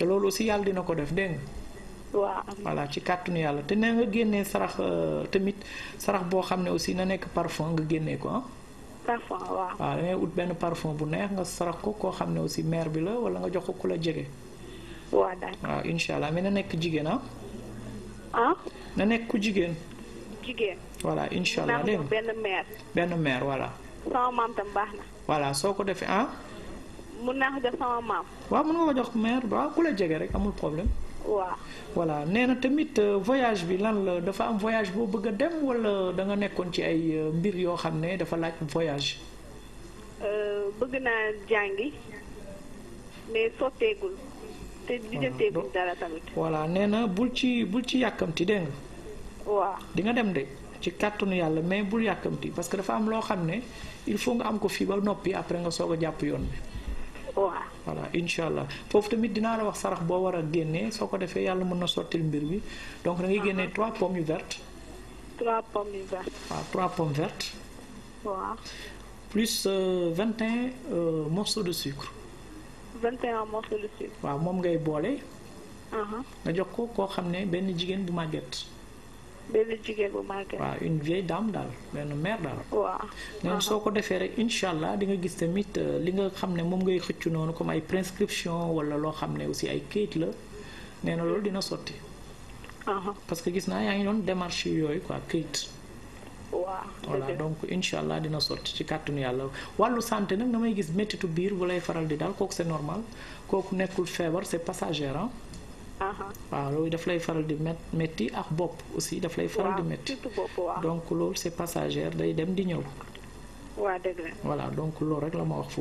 te loolu aussi yàlla dina ko def dégg nga voilà ci kàttanu yàlla te na nga génnee sarax euh, tamit sarax boo xam aussi na nekk parfum nga génnee ko ah. parfum waaw waaw ut benn parfum bu neex nga sarax ko koo xam ne aussi mère bi la wala nga jox ko ku la jege waaw waaw incha allah mais na nekk jigéen ah ah na nekk ku jigéen jigéen voilà incha allah benn mère benn mère voilà sama maam tam baax na voilà soo ko ah. mun naa ko jox sama maam. waaw mun nga ko jox mère waaw ku la jege rek amul problème. waaw voilà nee na tamit euh, voyage bi lan la dafa am voyage boo bëgg a dem wala da nga nekkoon ci ay euh, mbir yoo xam ne dafa laaj voyage. Euh, bëgg naa jàngi mais sotteegul. te lijjanteegul ah, dara tamit. voilà nee na bul ci bul ci yàkkamti dégg nga. waaw di nga dem de ci kàttanu yàlla mais bul yàkkamti parce que dafa am loo xam ne il faut nga am ko fii ba noppi après nga soog a jàpp yoon bi. voilà inshallah. Pour tamit dina la wax donc trois pommes vertes. trois pommes vertes. pommes vertes. plus 21 euh, euh, morceaux de sucre. 21 morceaux de sucre. wa mom ngay uh-huh. jox ko bébé jigéen bu màgg. waaw une vieille dame dal benn mère dal wa ñoom soko ko defee rek incha di nga gis tamit euh, li nga xam mom ngay xëccu noonu comme ay prescription wala lo xam aussi ay kayit la nee na dina sotti. parce que gis na yaa ngi doon démarche yoy quoi kayit. waaw voilà donc inshallah dina sotti ci kàttanu yalla walu santé nak damay gis méttitu biir bu lay faral di dal kok c'est normal kok nekul feebar c'est passager hein ah loolu daf lay faral di met métti aussi il lay faral di métier. donc c'est dem di voilà donc rek la ma wax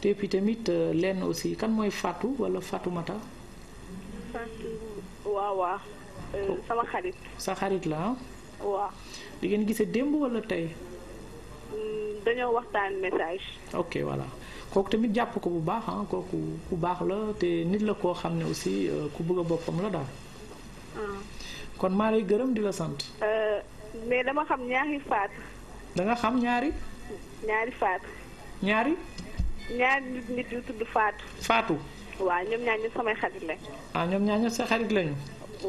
puis tamit euh, aussi kan Fatou wala Fatoumata Fatou Ça euh, oh. sama sa la ah le di wala faire hmm, un message ok voilà kooku tamit japp ko bu baax ah kooku ku baax la te nit la ko xamne aussi euh, ku bëgg bopam la daal. Ah. kon ma lay gëreum di la sante euh mais dama xam ñaari faat. da nga xam ñaari. ñaari faat. ñaari. ñaar nit nit yu tuddu faat faatu. wa ñom ñaar ñu samay xarit lañ. ah ñoom ñaar ñëpp sa xarit lañu.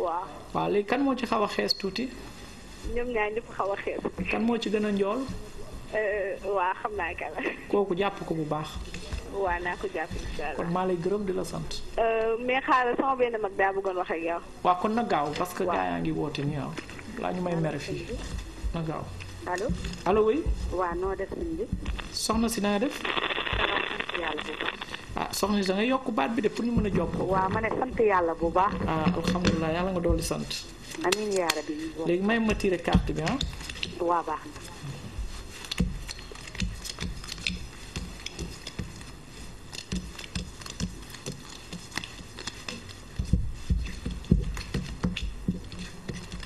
wa wa léegi kan mo ci xawa a xees tuuti. ñoom ñaar ñëpp xawa a xees. kan mo ci gëna ñool Euh, waa xam naa kan la. kooku jàpp ko bu baax. waa naa ko jàpp incha allah kon maa lay gërëm di la sant. Euh, mais xaaral sama benn mag daa bëggoon wax ak yow. kon na gaaw parce que gaa yaa ngi woote ñu waaw. laa ñu may mere fii na gaaw. allo allo oui. noo def sëñ bi. soxna si naa def. yàlla bu ah soxna si nga yokk baat bi de pour ñu mën a jokkoo. waaw ma ne sant yàlla bu baax. ah alhamdulilah yàlla nga dooli sant. léegi may ma tiré bi ah. waa baax na.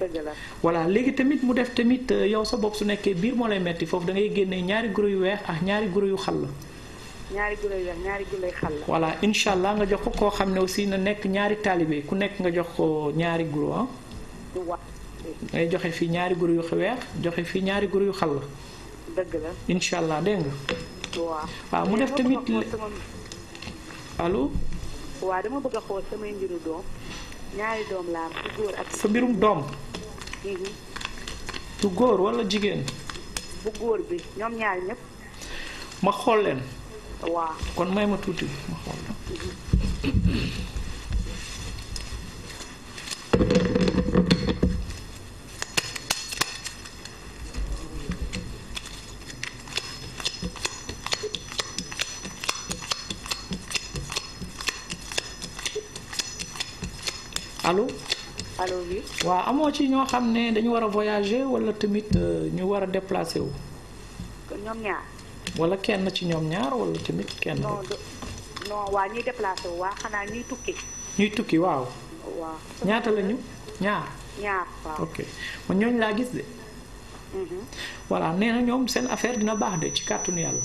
dëgg voilà léegi tamit mu def tamit euh, yow sa bopp su nekkee biir moo lay metti foofu da ngay génnee ñaari guro yu weex ak ñaari guro yu xàll. ñaari guro yu ñaari guro yu voilà incha allah nga jox ko koo xam ne aussi na nekk ñaari taalibe ku nekk nga jox ko ñaari guro ah. joxe fii ñaari guro yu weex joxe fii ñaari guro yu xàll. dëgg la incha allah dégg nga. waaw mu def tamit allo. waaw dama bëgg a xool samay mbiru doom. ñaari doom laa góor ak. sa mbirum doom. du góor walla jigéen. bu góor bi ñoom ñaari ñëpp. ma xool leen. waaw kon may ma tuuti ma xool leen. Mhm. allo. allo bi waaw amoo ci ñoo xam ne dañu war a voyager wala tamit euh, ñu war a déplacer wu. ñoom ñaar. wala kenn ci ñoom ñaar wala tamit kenn. non non waa ñuy déplacer wu waa tukki. ñuy tukki waaw. waaw ñaata la ñu ñaar. ok man ñooñu laa gis de. Mm-hmm. voilà nee na ñoom seen affaire dina baax de ci kàttanu yàlla.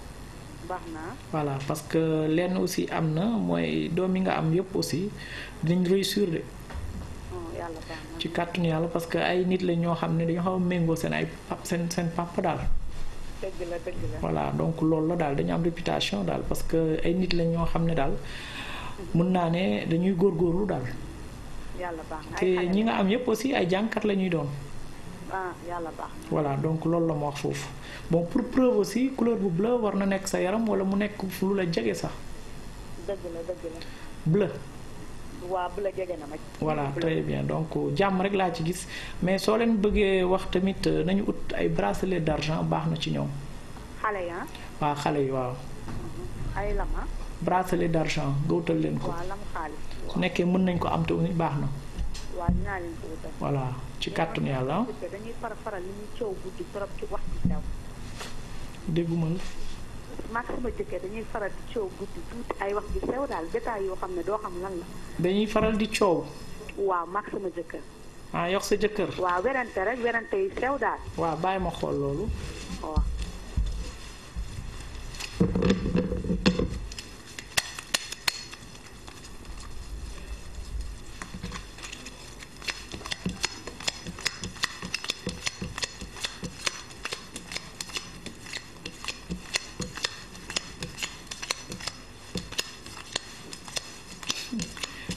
baax na. voilà parce que lenn aussi am na mooy doom yi nga am yëpp aussi dañ réussir de. Oh, ci kàttanu yàlla parce que ay nit la ñoo xam ne dañoo xaw a méngoo seen ay pap seen seen pap daal. dëgg la dëgg la voilà donc loolu la daal dañu am réputation daal parce que ay nit la ñoo xam ne daal. mun naa ne dañuy góor góorgóorlu daal. yàlla baax te ñi nga am yëpp aussi ay jànkat la ñuy doon. ah yàlla baax voilà donc loolu la ma wax foofu. bon pour preuve aussi couleur bu bleu war na nekk sa yaram wala mu nekk lu la jege sax. dëgg la dëgg bleu. waaw na ma. voilà très bien donc jàmm rek laa ci gis mais soo leen bëggee wax tamit euh, nañu ut ay bracelet d'argent baax na ci ñoom. xale yi ah? xale yi waaw. Mhm. ay lama. Ah? bracelet d'argent nga leen ko. waaw lam xaalis. su nekkee mën nañ ko am te nit baax na. waaw dinaa leen ko yàlla. Ah. dañuy far faral li ñuy coow guddi trop ci wax ci dégguma la. maak sama jëkkër dañuy faral di coow guddi tuuti ay wax ju sew daal détail yoo xam ne doo xam lan la. dañuy faral di coow. waaw maak sama jëkkër. ah yox sa jëkkër. waa werante rek werante yi sew daal. waaw bàyyi ma xool loolu. waaw.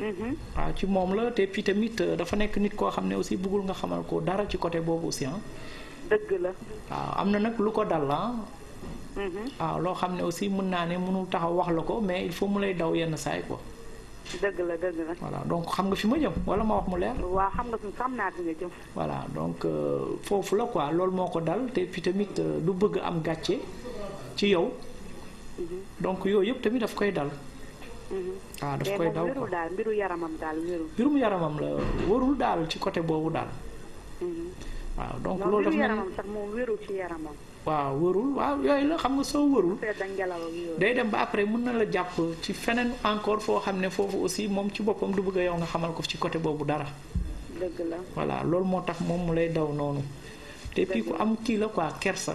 waaw mm-hmm. ah, ci moom la te puis tamit euh, dafa nekk nit koo xam ne aussi bëggul nga xamal ko dara ci côté boobu aussi ah. dëgg la. waaw ah, am na nag lu ko dal mm-hmm. ah. waaw loo xam ne aussi mën naa ne mënul taxaw wax la ko mais il faut mu lay daw yenn saay ko dëgg la dëgg la. voilà donc xam nga fi ma jëm wala ma wax mu leer. waaw xam nga fi xam naa fi nga jëm. voilà donc euh, foofu la quoi loolu moo ko dal te puis euh, du bëgg am gàcce ci yow. Mm-hmm. donc yooyu yëpp tamit daf koy dal. waaw daf koy daw ko daal mbiru yaramam daal wérul. mbirum yaramam la wërul daal ci côté boobu daal. Mhm. waaw donc loolu dafa yaramam sax moom wérul ci waaw wërul waaw yooyu xam nga soo wërul day dem ba après mun na la jàpp ci feneen encore foo xam ne foofu aussi moom ci boppam du bëgg yow nga xamal ko ci côté boobu dara. dëgg la voilà loolu moo tax moom mu lay daw noonu. te puis ku am kii la quoi kersa.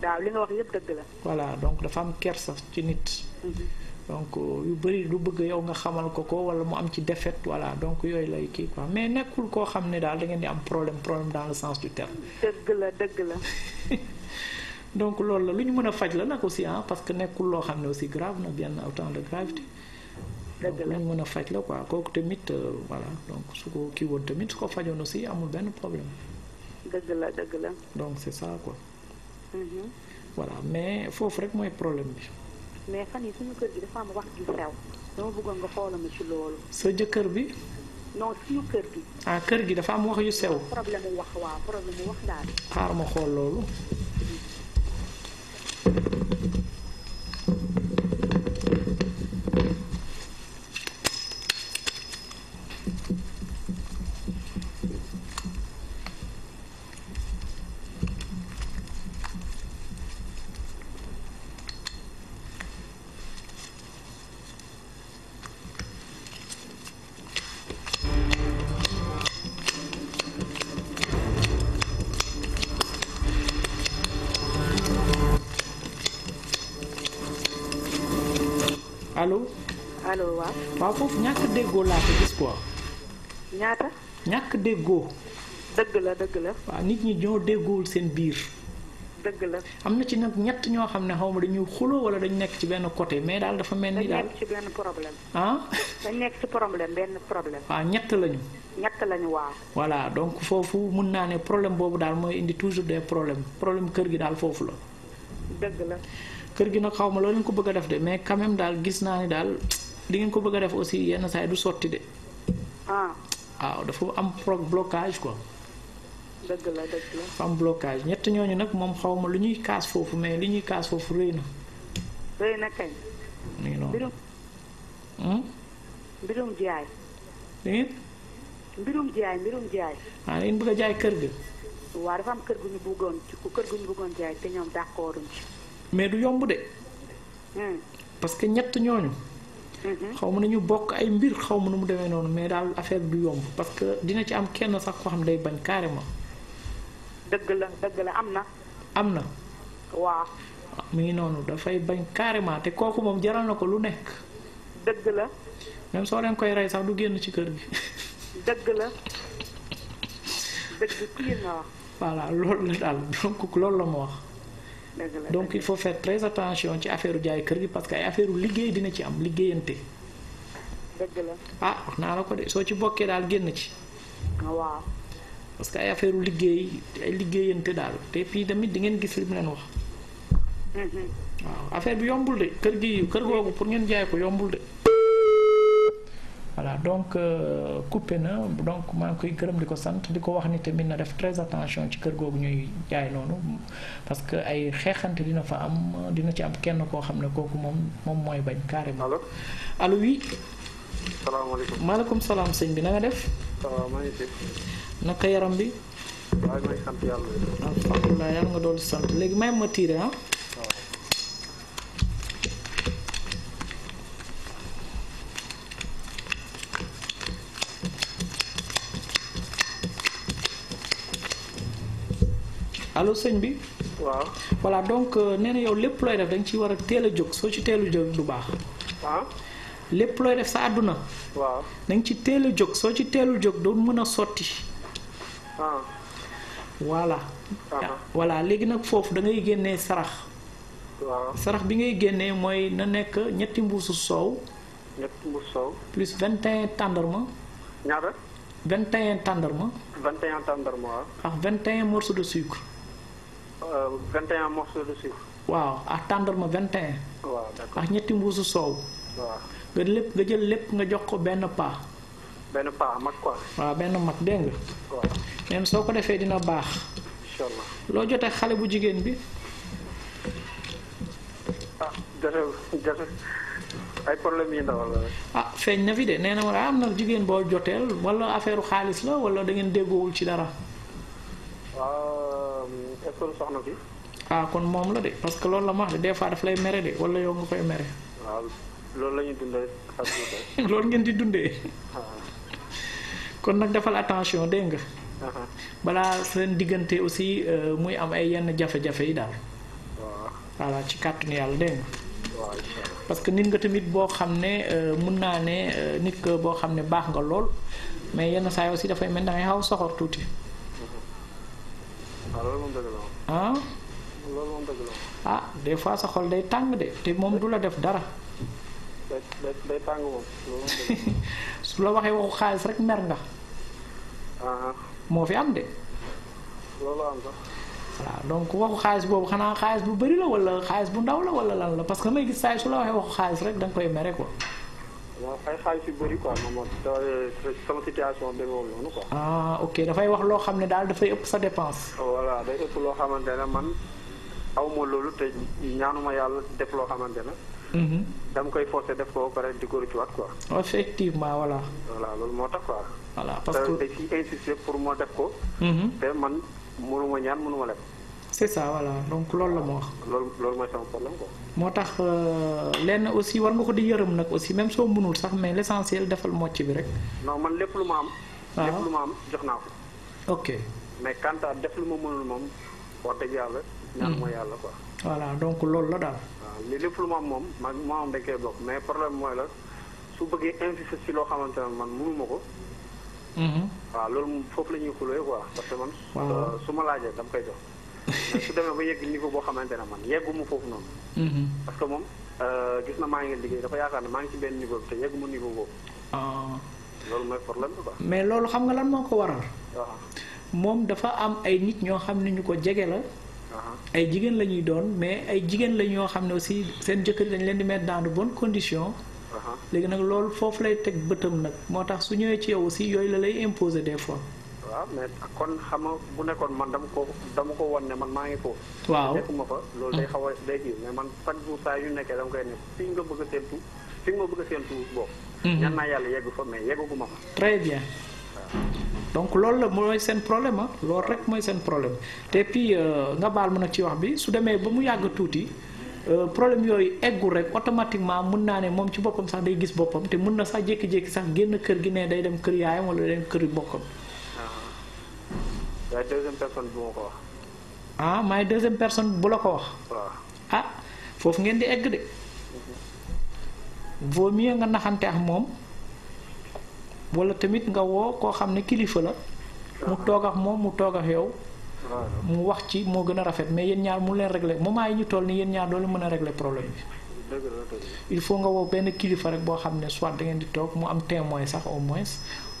daaw li wax yëpp dëgg la. voilà donc dafa am kersa ci nit. Mhm. donc euh, yu bari lu bëgg yow nga xamal ko ko wala mu am ci défaite voilà donc yoy lay ki quoi mais nekul ko xamné dal da ngeen di am problème problème dans le sens du terme. dëgg la dëgg la. donc lool la lu ñu mën faj la nak aussi hein parce que nekul lo xamné aussi grave na bien autant de gravité. dëgg la lu ñu mën faj la quoi kooku tamit euh, voilà donc su ko kii woon tamit su ko fajoon aussi amul ben problème. dëgg la dëgg la. donc c'est ça quoi. Mhm. voilà mais foofu rek mooy problème bi. mais fan yi suñu kër gi dafa am wax ju sew. dama bëggoon nga xoolal ma ci loolu. sa jëkkër bi. non suñu kër gi. ah kër gi dafa am wax yu sew. problème mu wax waaw problème mu wax daal. ma xool loolu. allo. allo waaw. waaw foofu ñàkk déggoo laa ko gis ñàkk déggoo. dëgg la dëgg la. waaw nit ñi ñoo déggoowul seen biir. dëgg la am na ci nag ñett ñoo xam ne xaw ma dañuy xuloo wala dañu nekk ci benn côté mais daal dafa mel ni daal dañu nekk ci benn problème. ah. dañu nekk ci problème benn problème. waaw ah, ñett lañu. ñett lañu waaw. voilà donc foofu mun naa ne problème boobu daal mooy indi toujours des problème problème kër gi daal foofu la. la. kër gi nag xaw ma loo leen ko bëgg a def de mais quand même daal gis naa ni daal li ngeen ko bëgg a def aussi yenn saa yi du sotti de. Ah. waaw dafa am blocage quoi. dëgg dëgg la dafa ñett ñooñu nag moom xaw ma lu ñuy kaas foofu mais li ñuy kaas foofu rëy na. rëy na kañ. nii noonu. Hmm? Ah, jaay. kër gi. waaw kër gu ñu bëggoon kër bëggoon jaay te ñoom d'accorduñ ci. mais du yomb de. Hmm. parce que ñett ñooñu. Mm-hmm. xaw ma nañu bokk ay mbir xaw ma nu mu demee noonu mais daal affaire du yomb parce que dina ci am kenn sax koo xam day bañ carrément. dëgg la am na. am na. waaw. Ah, mu ngi noonu dafay bañ carrément te kooku moom jaral na ko lu nekk. dëgg la. même soo leen koy rey sax du génn ci kër gi. dëgg la. dëgg kii na. voilà loolu la daal donc loolu la mu wax. donc il faut fait très attention ci affaire jaay kër gi parce que ay affaire liggéey dina ci am liggéeyante. ah wax naa la ko de soo ci bokkee daal génn ci. Ah, waaw. parce que ay affaire liggéey ay liggéeyante daal te fii tamit di ngeen gis li mu leen wax. waaw affaire bi yombul de kër gi kër googu pour ngeen jaay ko yombul de. voilà donc euh, coupé na donc maa ngi koy gërëm di ko sant di ko wax ni tamit na def très attention ci kër googu ñuy jaay noonu parce que ay xeexante dina fa am dina ci am kenn koo xam ne kooku moom moom mooy bañ carrément. allo allo oui. salaamaaleykum maaleykum salaam sëñ bi na def. waaw yaram bi. waaye yàlla. alhamdulilah yàlla nga doon sant léegi may ma tiire ah. allo sëñ bi. waaw voilà donc euh, nee yow lépp looy def dañ nga ciy war a teel a jóg soo ci teelu a jóg du baax. ah. lépp looy def sa àdduna. waaw da ci teel a jóg soo ci teelu jóg doo mën a sotti. ah. voilà. Ah. voilà léegi nag foofu da ngay génnee sarax. waaw sarax bi ngay génnee mooy na nekk ñetti mbuusu soow. ñetti mbuusu soow. plus vingt et un tàndarma. ñaata. vingt et un tàndarma. vingt et un tàndarma waaw. ak vingt et un de sucre. 21 euh, morceaux de sucre. waaw ak tàndarma 21. waaw ak ñetti mbuusu soow. waaw nga lépp nga jël lépp nga jox ko benn paa. benn paa mag quoi. waaw benn mag dégg neen soo ko defee dina baax. incha loo jotee xale bu jigéen bi. ah jafe ay ah, feeñ na fi de nee na ma ah, am na jigéen boo joteel wala affaire xaalis la wala da ngeen déggoowul ci dara. waaw euh, est-ce ah kon moom la de parce que loolu la ma wax de des fois daf lay mere de wala yow nga koy mere. waaw loolu la ñuy dundee loolu ngeen di dundee. Ah. kon nag defal attention dégg nga. Uh-huh. balaa seen diggante aussi euh, muy am ay yenn jafe-jafe yi daal. voilà ci kàttanu yàlla dégg nga. que nit nga tamit boo xam ne euh, mun naa ne nit ko boo xam ne baax nga lool mais yenn saa yi aussi dafay mel da ngay xaw soxor tuuti. ah ah des fois sa xol day tàng de te moom du la def dara day tàng su la waxee waxu xaalis rek mer nga moo fi am de loolu am sax waaw donc waxu xaalis boobu xanaa xaalis bu bari la walla xaalis bu ndaw la walla lan la parce que may gis saay su la waxee waxu xaalis rek danga koy mere quoi waaw ay xaalis yu bëri quoi moom sama situation demeewul noonu quoi. ah ok dafay wax loo xam ne daal dafay ëpp sa dépense. voilà day ëpp loo xamante ne man aw ma loolu te ñaanuma yàlla def loo xamante ne. Mhm. dama koy forcer def ko ba di ko rëccuwaat quoi. effectivement voilà. voilà loolu moo tax quoi. voilà parce que dañ ciy insister pour ma def ko. Mhm. te man mënuma ñaan mënuma leb. c'est ça voilà donc loolu la ma wax. loolu loolu mooy sama problème quoi. moo tax euh, lenn aussi war nga ko di yërëm nag aussi même soo mënul sax mais l'essentiel defal mocc bi rek. non man lépp lu ma am. waaw ah. lu ma am jox naa ko. ok mais quant def lu ma mënul moom wax dëgg yàlla. ñaan hmm. yàlla quoi. voilà donc loolu la daal. waaw lépp lu ma am moom man maa am dañ koy mais problème mooy la su bëggee investir ci loo xamante ne man mënu ko. Hmm. waaw loolu foofu la ñuy xuloo quoi parce que man. Euh, su ma laajee dama koy jox. mais su demee ba yegg niveau boo xamante ne man yegguma foofu noonu. Mhm. parce que moom euh, gis na maa ngi liggéey dafa yaakaar ne maa ngi ci benn niveau bi te yegguma niveau boobu. Ah. loolu mooy problème bi mais loolu xam nga lan moo ko waral. Ah. moom dafa am ay nit ñoo xam ne ñu ko jege la. Ah. ay jigéen la ñuy doon mais ay jigéen la ñoo xam ne aussi seen jëkkër dañ leen di mettre dans de condition conditions. léegi nag loolu foofu lay teg bëtam nag moo tax su ñëwee ci yow aussi yooyu la lay imposer des fois. waaw mais kon xam nga bu nekkoon man dama ko dama ko won ne man maa ngi foofu. waaw nekkuma fa loolu day mm. xaw a day kii mais man chaque jour saa yu nekkee dama koy nekk fi nga bëgg a séentu fi nga bëgg a séentu boobu. Mm-hmm. ñaan naa yàlla yegg fa mais yeggaguma fa. très bien. donc loolu la mooy seen problème ah loolu rek mooy seen problème te puis euh, nga baal ma nag ci wax bi su demee ba mu yàgg tuuti euh, problème yooyu eggul rek automatiquement mun naa ne moom ci boppam sax day gis boppam te mun na sax jékki-jékki sax génn kër gi ne day dem kër yaayam wala day dem kër bokkam yaay deuxième personne bu ma ko wax. ah maay deuxième personne bu la ko wax. ah foofu ngeen di egg de. Mm-hmm. vaut mieux nga naxante ak moom walla tamit nga woo koo xam ne kilifa la. mu ah. toog ak moom mu toog ak yow. mu wax ci moo gën a rafet mais yéen ñaar mu leen régler moment yi ñu toll nii yéen ñaar doo doolu mën a régler problème bi. il faut nga woo benn kilifa rek boo xam ne soit da ngeen di toog mu am témoin sax au moins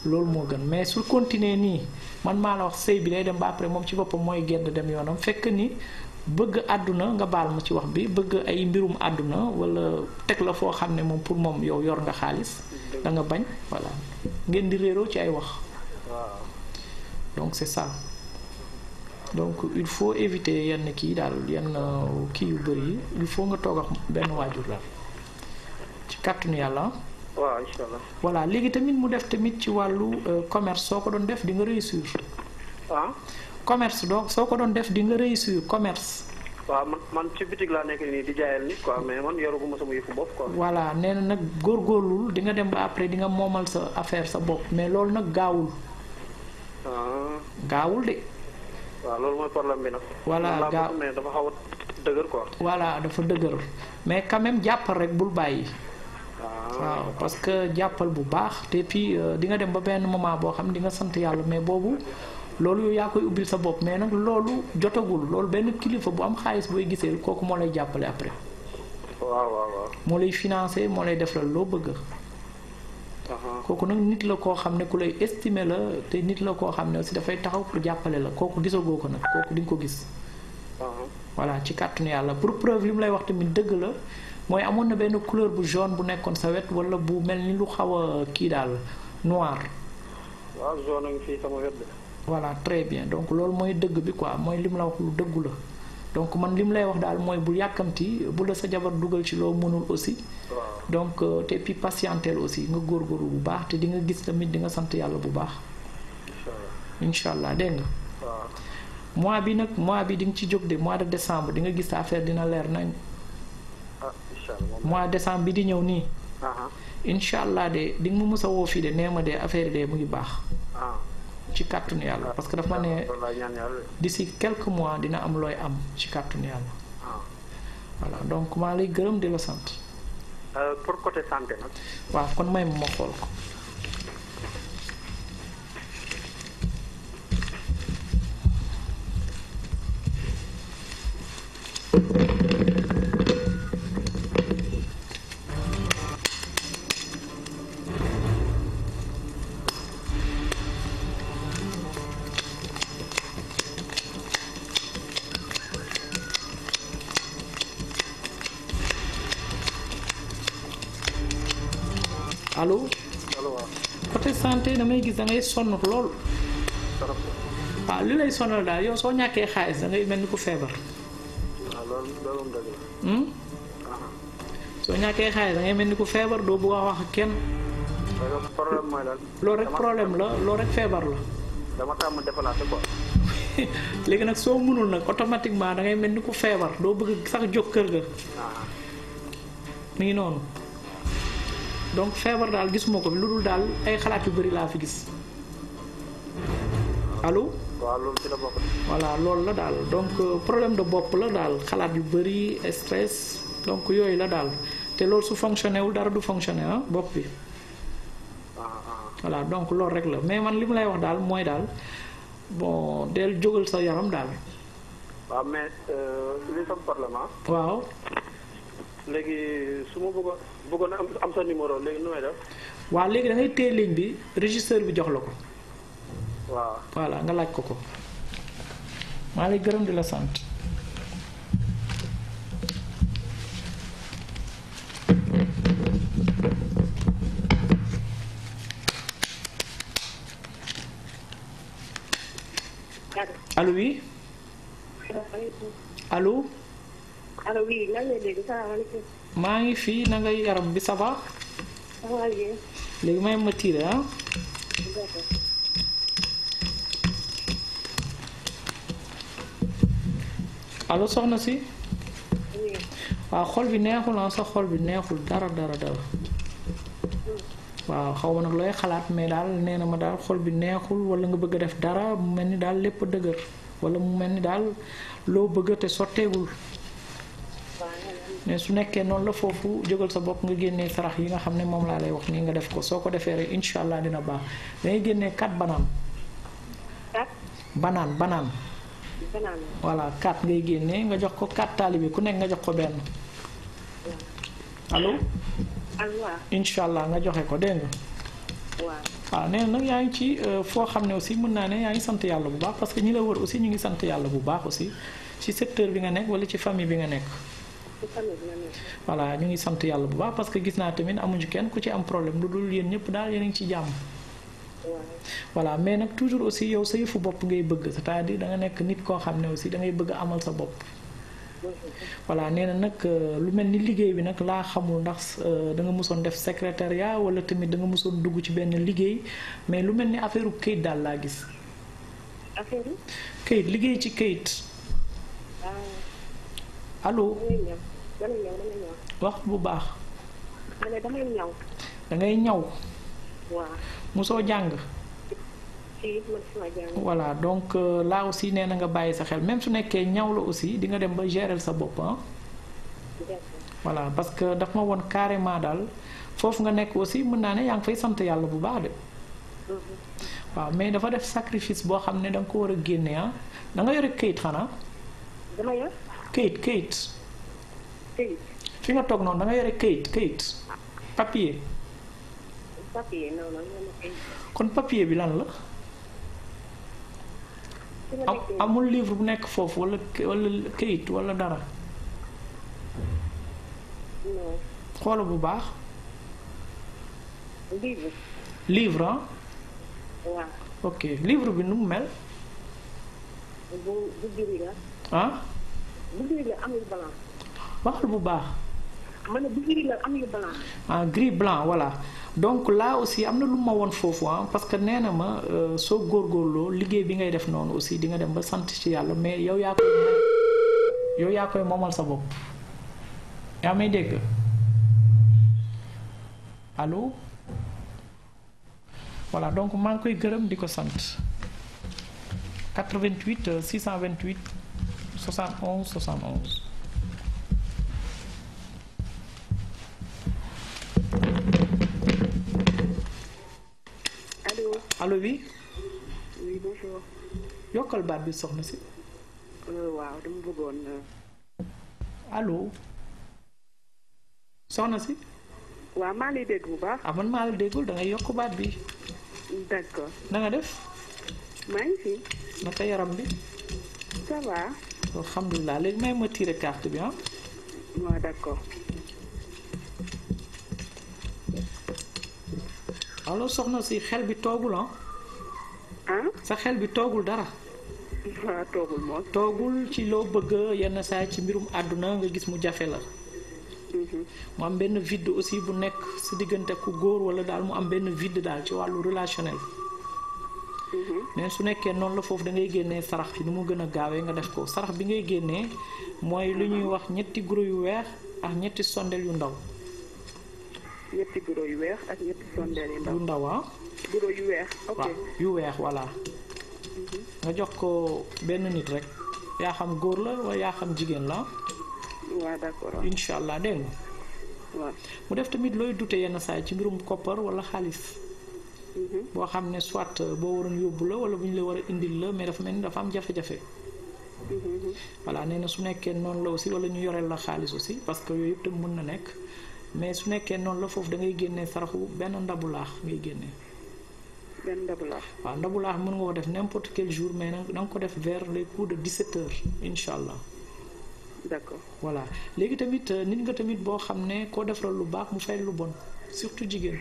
lol mo gën mais sul continuer ni man ma la wax sey bi day dem ba après mom ci bopam moy gedd dem yonam fekk ni bëgg aduna nga bal ma ci wax bi bëgg ay mbirum aduna wala tek la fo xamne ne pour mom yow yor nga xaliss da nga bañ voilà ngeen di rero ci ay wax donc c'est ça donc il faut éviter yenn ki dal yenn euh, ki yu bari il faut nga toog ben wajur la ci kàttanu yalla voilà légui tamit mu def tamit ci walu euh, commerce soko don def di nga réussir. waaw. Ah? commerce donc soko don def di nga réussir commerce. waaw man ci boutique la nek ni di jaayel ni quoi mais man yoraguma sama yefu bop quoi. voilà nee nak nag góorgóorlul di nga dem ba après di nga momal sa affaire sa bop mais nak gawul gaawul. Ah. gawul de. waaw loolu moy problème bi nak voilà mais dafa xaw deuguer quoi. voilà dafa deuguer mais quand même japp rek bul bàyyi. waaw parce que jàppal bu baax te puis euh, di nga dem ba benn moment boo xam di nga sant yàlla mais boobu loolu yaa koy ubbil sa bopp mais nag loolu jotagul loolu benn kilifa bu am xaalis booy gisee kooku moo lay jàppale après. moo lay financé moo lay defal loo bëgg. Uh-huh. kooku nag nit la koo xam ne ku lay estimer la te nit la koo xam ne aussi dafay taxaw pour jàppale la kooku gisagoo ko nag kooku di ko gis. Uh-huh. voilà ci kàttanu yàlla pour preuve li mu lay wax tamit dëgg la. mooy amoon na benn couleur bu jaune bu nekkoon sa wet wala bu mel ni lu xaw a kii daal noir. waaw jaune a ngi fii sama wet de. voilà très bien donc loolu mooy dëgg bi quoi mooy li mu la wax lu dëggu la donc man li mu lay wax daal mooy bu yàkkamti bu la sa jabar dugal ci loo mënul aussi. donc euh, te puis patienteel aussi nga góor góor bu baax te di nga gis tamit di nga sant yàlla bu baax. incha allah dégg nga. mois bi nag mois bi di nga ci jóg de mois de décembre di nga gis affaire dina leer nañ. mois décembre bi di ñëw nii incha allah de di nga ma mës a woo fii de nee ma de affaire de mu ngi baax ah. ci kàttanu yàlla parce que dafa ma ne d'ici quelques mois dina am looy am ci kàttanu yàlla ah. voilà donc maa lay gërëm di la sant euh, pour côté santé nag waaw kon may ma xool ko Thank you. gis da ngay sonn lool waaw li lay sonal daal yow soo ñàkkee xaalis da ngay mel ni ku feebar ah, hmm? ah. soo ñàkkee xaalis da ngay mel ni ku feebar doo bëgg a wax kenn loolu rek problème la loolu rek feebar la dama tàmm déplacé quoi léegi nag soo mënul nag automatiquement da ngay mel ni ku feebar doo bëgg sax jóg kër ga ah. mi ngi noonu donc feebar daal gisuma ko fi lu dul daal ay xalaat yu bëri laa fi gis allo. waaw loolu ci la voilà loolu la daal donc euh, problème de bopp la daal xalaat yu bari stress donc yooyu la daal te loolu su fonctionné wul dara du fonctionné ah bopp bi. voilà donc loolu rek la mais man li mu lay wax daal mooy daal bon del jógal sa yaram daal. waaw. Euh, léegi su ma bëggoon bëggoon am am sa numéro léegi nu may def. waaw léegi da ngay téye bi régisseur bi jox la ko. waaw voilà nga laaj ko ko. maa lay gërëm di la sant. allo wi allo. allo oui maa ngi fii na yaram bi ça va. léegi may ma tiire ah. allo soxna si. waaw xol bi neexul ah sa xol bi neexul dara dara dara. waaw xaw ma nag looy xalaat mais daal nee na ma daal xol bi neexul wala nga bëgg a def dara mu mel ni daal lépp dëgër wala mu mel ni daal loo bëgg te sotteegul. ne su nekkee noonu la foofu jógal sa bopp nga génnee sarax yi nga xam ne moom laa lay wax nii nga def ko soo ko defee rek incha allah dina baax dangay génnee 4 banaan. banaan banaan. banaan voilà 4 ngay génnee nga jox ko 4 taalibe ku nekk nga jox ko benn. allo. allo incha allah nga joxe ko dégg nga. waaw waaw ah, nee nag yaa ngi ci euh, foo xam ne aussi mun naa ne yaa ngi sant yàlla bu baax parce que ñi la wër aussi ñu ngi sant yàlla bu baax aussi ci secteur bi nga nekk walla ci famille bi nga nekk. voilà ñu ngi sant yàlla bu baax parce que gis naa tamit amuñu kenn ku ci am problème lu dul yéen ñëpp daal yéen a ngi ci jàmm. voilà mais nag toujours aussi yow sa yëfu bopp ngay bëgg c'est-à-dire da nekk nit koo xam ne aussi da ngay bëgg amal sa bopp. voilà nee na nag euh, lu mel ni liggéey bi nag laa xamul ndax euh, da nga mosoon def secrétariat wala tamit danga mësoon dugg ci benn liggéey mais lu mel ni affaire u kayit daal laa gis. affaire liggéey ci këyit ah. allo wax bu baax damay ñaw da ngay ñaw waaw musoo jàng voilà donc euh, là aussi nee na nga bàyyi sa xel même su nekké ñaw la aussi di nga dem ba gérer sa bop hein voilà parce que daf ma won carrément dal fofu nga nekk aussi mën na né yang fay sante yalla bu baax de wa mais dafa def sacrifice bo xamné dang ko wara a hein da nga yoré këyit xana dama yor këyit këyit fi nga toog noonu danga yore këyit këyit papier. papier kon papier bi lan la. amul livre bu nekk foofu wala wala këyit wala dara. xoola bu baax. livre. livre ah. ok livre bi nu mu mel. ah. bu la amul blanc. waxal bu baax. ma ne bu gris la amul blanc. ah gris blanc voilà donc là aussi am na lu ma woon foofu ah parce que nee na ma euh, soo góorgóorloo liggéey bi ngay def noonu aussi di nga dem ba sant ci yàlla mais yow yaa koy yow yaa koy moomal sa bopp yaa may dégg allo voilà donc maa ngi koy gërëm di ko sant 88 628. Euh, 71, 71. Allô Allô, oui Oui, bonjour. yokkal baat bi soxna si. Euh, waaw dama bëggoon. Euh, allo. soxna si. waaw maa lay dégg bu ah man maa déggul da bi. na nga def. ngi fi. yaram bi. ça va. alhamdulilah léegi may ma bi ah. soxna si xel bi toogul sa xel bi toogul dara. Ah, toogul moom. toogul ci loo bëgg yenn saa ci mbirum àdduna nga gis mu jafe la. Mhm. mu am benn vide aussi bu nekk si diggante ku góor wala daal mu am benn vide daal ci wàllu relationnel. Mhm. mais su nekkee noonu la foofu da ngay génnee sarax ci nu mu gën a gaawee nga def ko sarax bi ngay génnee mooy lu ñuy wax ñetti guro yu weex ak ñetti sondel yu ndaw ñetti guro yu weex ak ñetti sondel yu ndaw ah yu weex ok yu weex voilà mhm. nga jox ko benn nit rek yaa xam góor la wala yaa xam jigéen la waaw d'accord incha allah dégg nga mu def tamit looy dute yenn ci mbirum koppar wala xaalis boo xam ne soit boo waroon yóbbu la wala bu ñu la war a indil la mais dafa mel ni dafa am jafe-jafe voilà nee na su nekkee noonu la aussi wala ñu yoreel la xaalis aussi parce que yooyu yëpp tam mën na nekk mais su nekkee noonu la foofu da ngay génnee saraxu benn ndabu laax ngay génnee benn ndabu laax waaw ndabu laax mën nga ko def n'importe quel jour mais na nga ko def vers les coups de 17 heures incha allah d'accord voilà léegi tamit nit nga tamit boo xam ne koo defaral lu baax mu fay lu bon surtout jigéen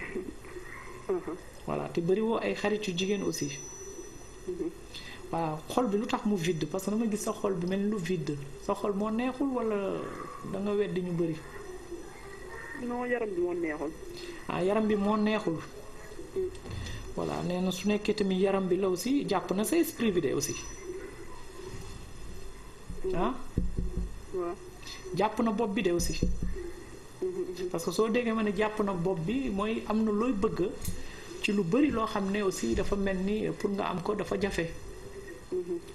voilà te bariwoo ay xarit yu jigéen aussi mm-hmm. waaw xol bi lu tax mu vide parce que dama gis sa xol bi mel ni lu vide sa xol moo neexul wala da nga weddi ñu bari non yaram bi moo neexul. ah yaram bi moo neexul. Mm. voilà nee na su nekkee tamit yaram bi la aussi jàpp na sa esprit aussi. Mm-hmm. ah. na bopp bi de aussi. Mm-hmm. parce que soo déggee ma ne jàpp na bopp bi mooy am na looy bëgg. lu aussi dafa pour nga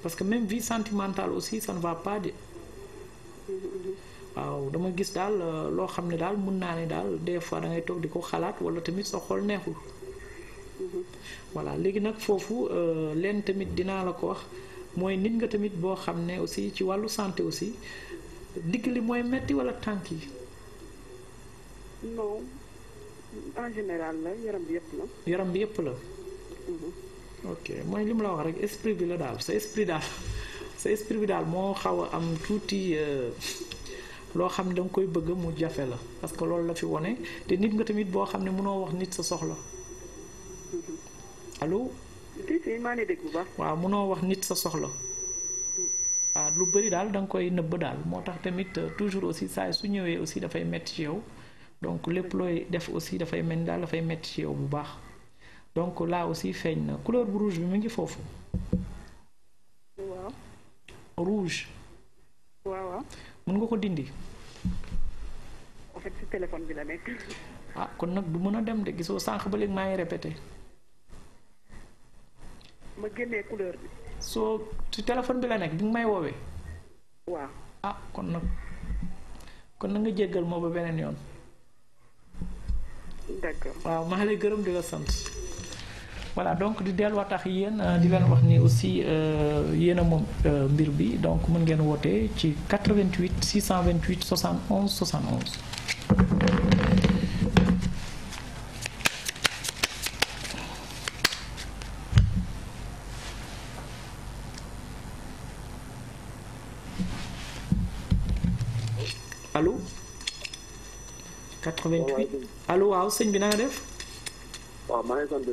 parce que même vie sentimentale aussi ça ne va pas de waaw dama gis dal lo xamné dal des fois da ngay tok diko xalat wala voilà nak fofu euh vous tamit dina la ko wax nit nga tamit aussi ci walu santé aussi digli moy metti wala tanki non en général la yaram bi yëpp la. yaram bi yëpp la. Mhm. ok mooy li mu la wax rek esprit bi la daal sa esprit daal sa esprit bi daal moo xaw a am tuuti euh, loo xam ne da koy bëgg mu jafe la parce que loolu la fi wone te nit nga tamit boo xam ne mënoo wax nit sa soxla. Mhm. allo. si mënoo wax nit sa soxla. waaw mhm. ah, lu bëri daal danga koy nëbb daal moo tax tamit euh, toujours aussi saa su ñëwee aussi dafay metti ci yow. donc lepp looy def aussi dafay mel daal dafay ci yow donc là aussi fait une couleur rouge bi ngi rouge. waaw nga en fait téléphone ah kon du dem de répété. ma couleur bi. soo téléphone bi la ah kon nag kon nga ba d'accord waaw maa ngi lay gërëm di la sant. voilà donc di delluwaat tax yéen euh, di leen wax ni aussi euh, yéen a moom euh, mbir bi donc mun ngeen wootee ci vingt 88 628 71 71. 88 waaw sëñ bi na nga def. waaw maa sant.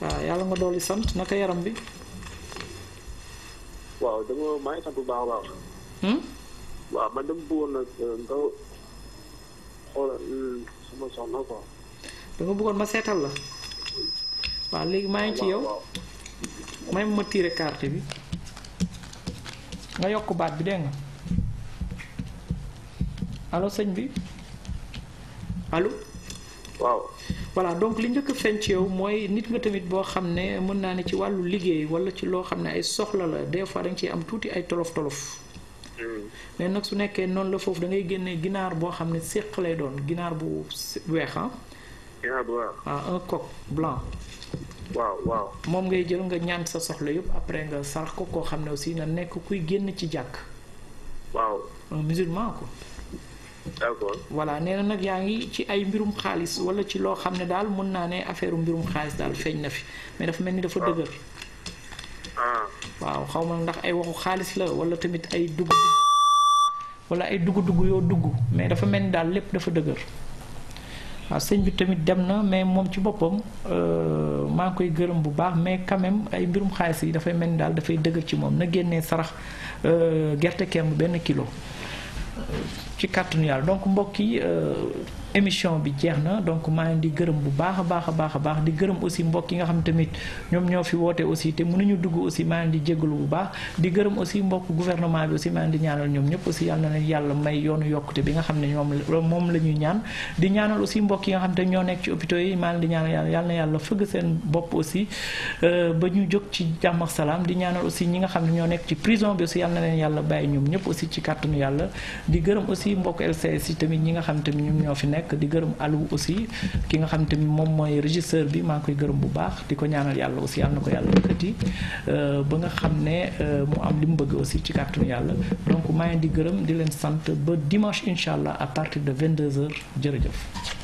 waaw yàlla nga dolli sant naka yaram bi. waaw dama maa bu baax a baax. Hmm? waaw euh, euh, ma seetal la. waaw léegi maa ngi ci yow. may ma tiire carte bi. nga yokk baat bi dégg nga. allo sëñ bi. allo. waaw voilà donc li njëkk a feeñ ci yow mooy nit nga tamit boo xam ne mën naa ne ci wàllu liggéey walla ci loo xam ne ay soxla la des fois da nga ciy am tuuti ay tolof tolof. Hmm. mais nag su nekkee noonu la foofu da ngay génnee ginaar boo xam ne séq lay doon ginaar bu weex ah. ginaar ah, un coq blanc. waaw waaw. moom ngay jël nga ñaan sa soxla yëpp après nga sarax ko koo xam ne aussi na nekk kuy génn ci jàkk. waaw musulman ko d'accord voilà nee na nag yaa ngi ci ay mbirum xaalis wala ci loo xam ne daal mën naa ne affaire mbirum xaalis daal feeñ na fi mais dafa mel ni dafa dëgër. Ah. Ah. waaw xaw ma ndax ay waxu xaalis la wala tamit ay dugg wala ay dugg-dugg yoo dugg mais dafa mel ni daal lépp dafa dëgër. waaw sëñ bi tamit dem na mais moom ci boppam euh, maa ngi koy gërëm bu baax mais quand ay mbirum xaalis yi dafay mel ni daal dafay dëgër ci moom na génnee sarax euh, gerte kemb benn kilo. ci kàttanu yàlla donc mbokk yi euh, émission bi jeex na donc maa ngi di gërëm bu baax a baax a baax a baax di gërëm aussi mbokk yi nga xam tamit ñoom ñoo fi woote aussi te mënuñu dugg aussi maa ngi di jégalu bu baax di gërëm aussi mbokk gouvernement bi aussi di ñaanal ñoom ñëpp aussi yàlla na leen yàlla may yoonu yokkute ne ñoom moom la ñuy ñaan di ñaanal aussi mbokk yi nga xam te ñoo nekk ci hôpitaux yi maa ngi di ñaanal yàlla yàlla na yàlla euh, ba ñu jóg ci jàmm ak salaam di ñaanal aussi ñi nga xam ñoo nekk ci prison bi aussi yàlla na leen yàlla bàyyi ñoom ñëpp aussi ci kàttanu yàlla di gërëm aussi mbokk LCS tamit ñi nga xam tamit ñoom ñoo fi nekk nek di gërëm alu aussi ki nga xam tamit mom moy régisseur bi ma koy gërëm bu baax diko ñaanal yalla aussi yàlla na yalla yàlla euh ba nga xam ne euh, mu am lim bëgg aussi ci carton yalla donc ma ngi di gërëm di leen sante ba dimanche inshallah à partir de 22 h jërëjëf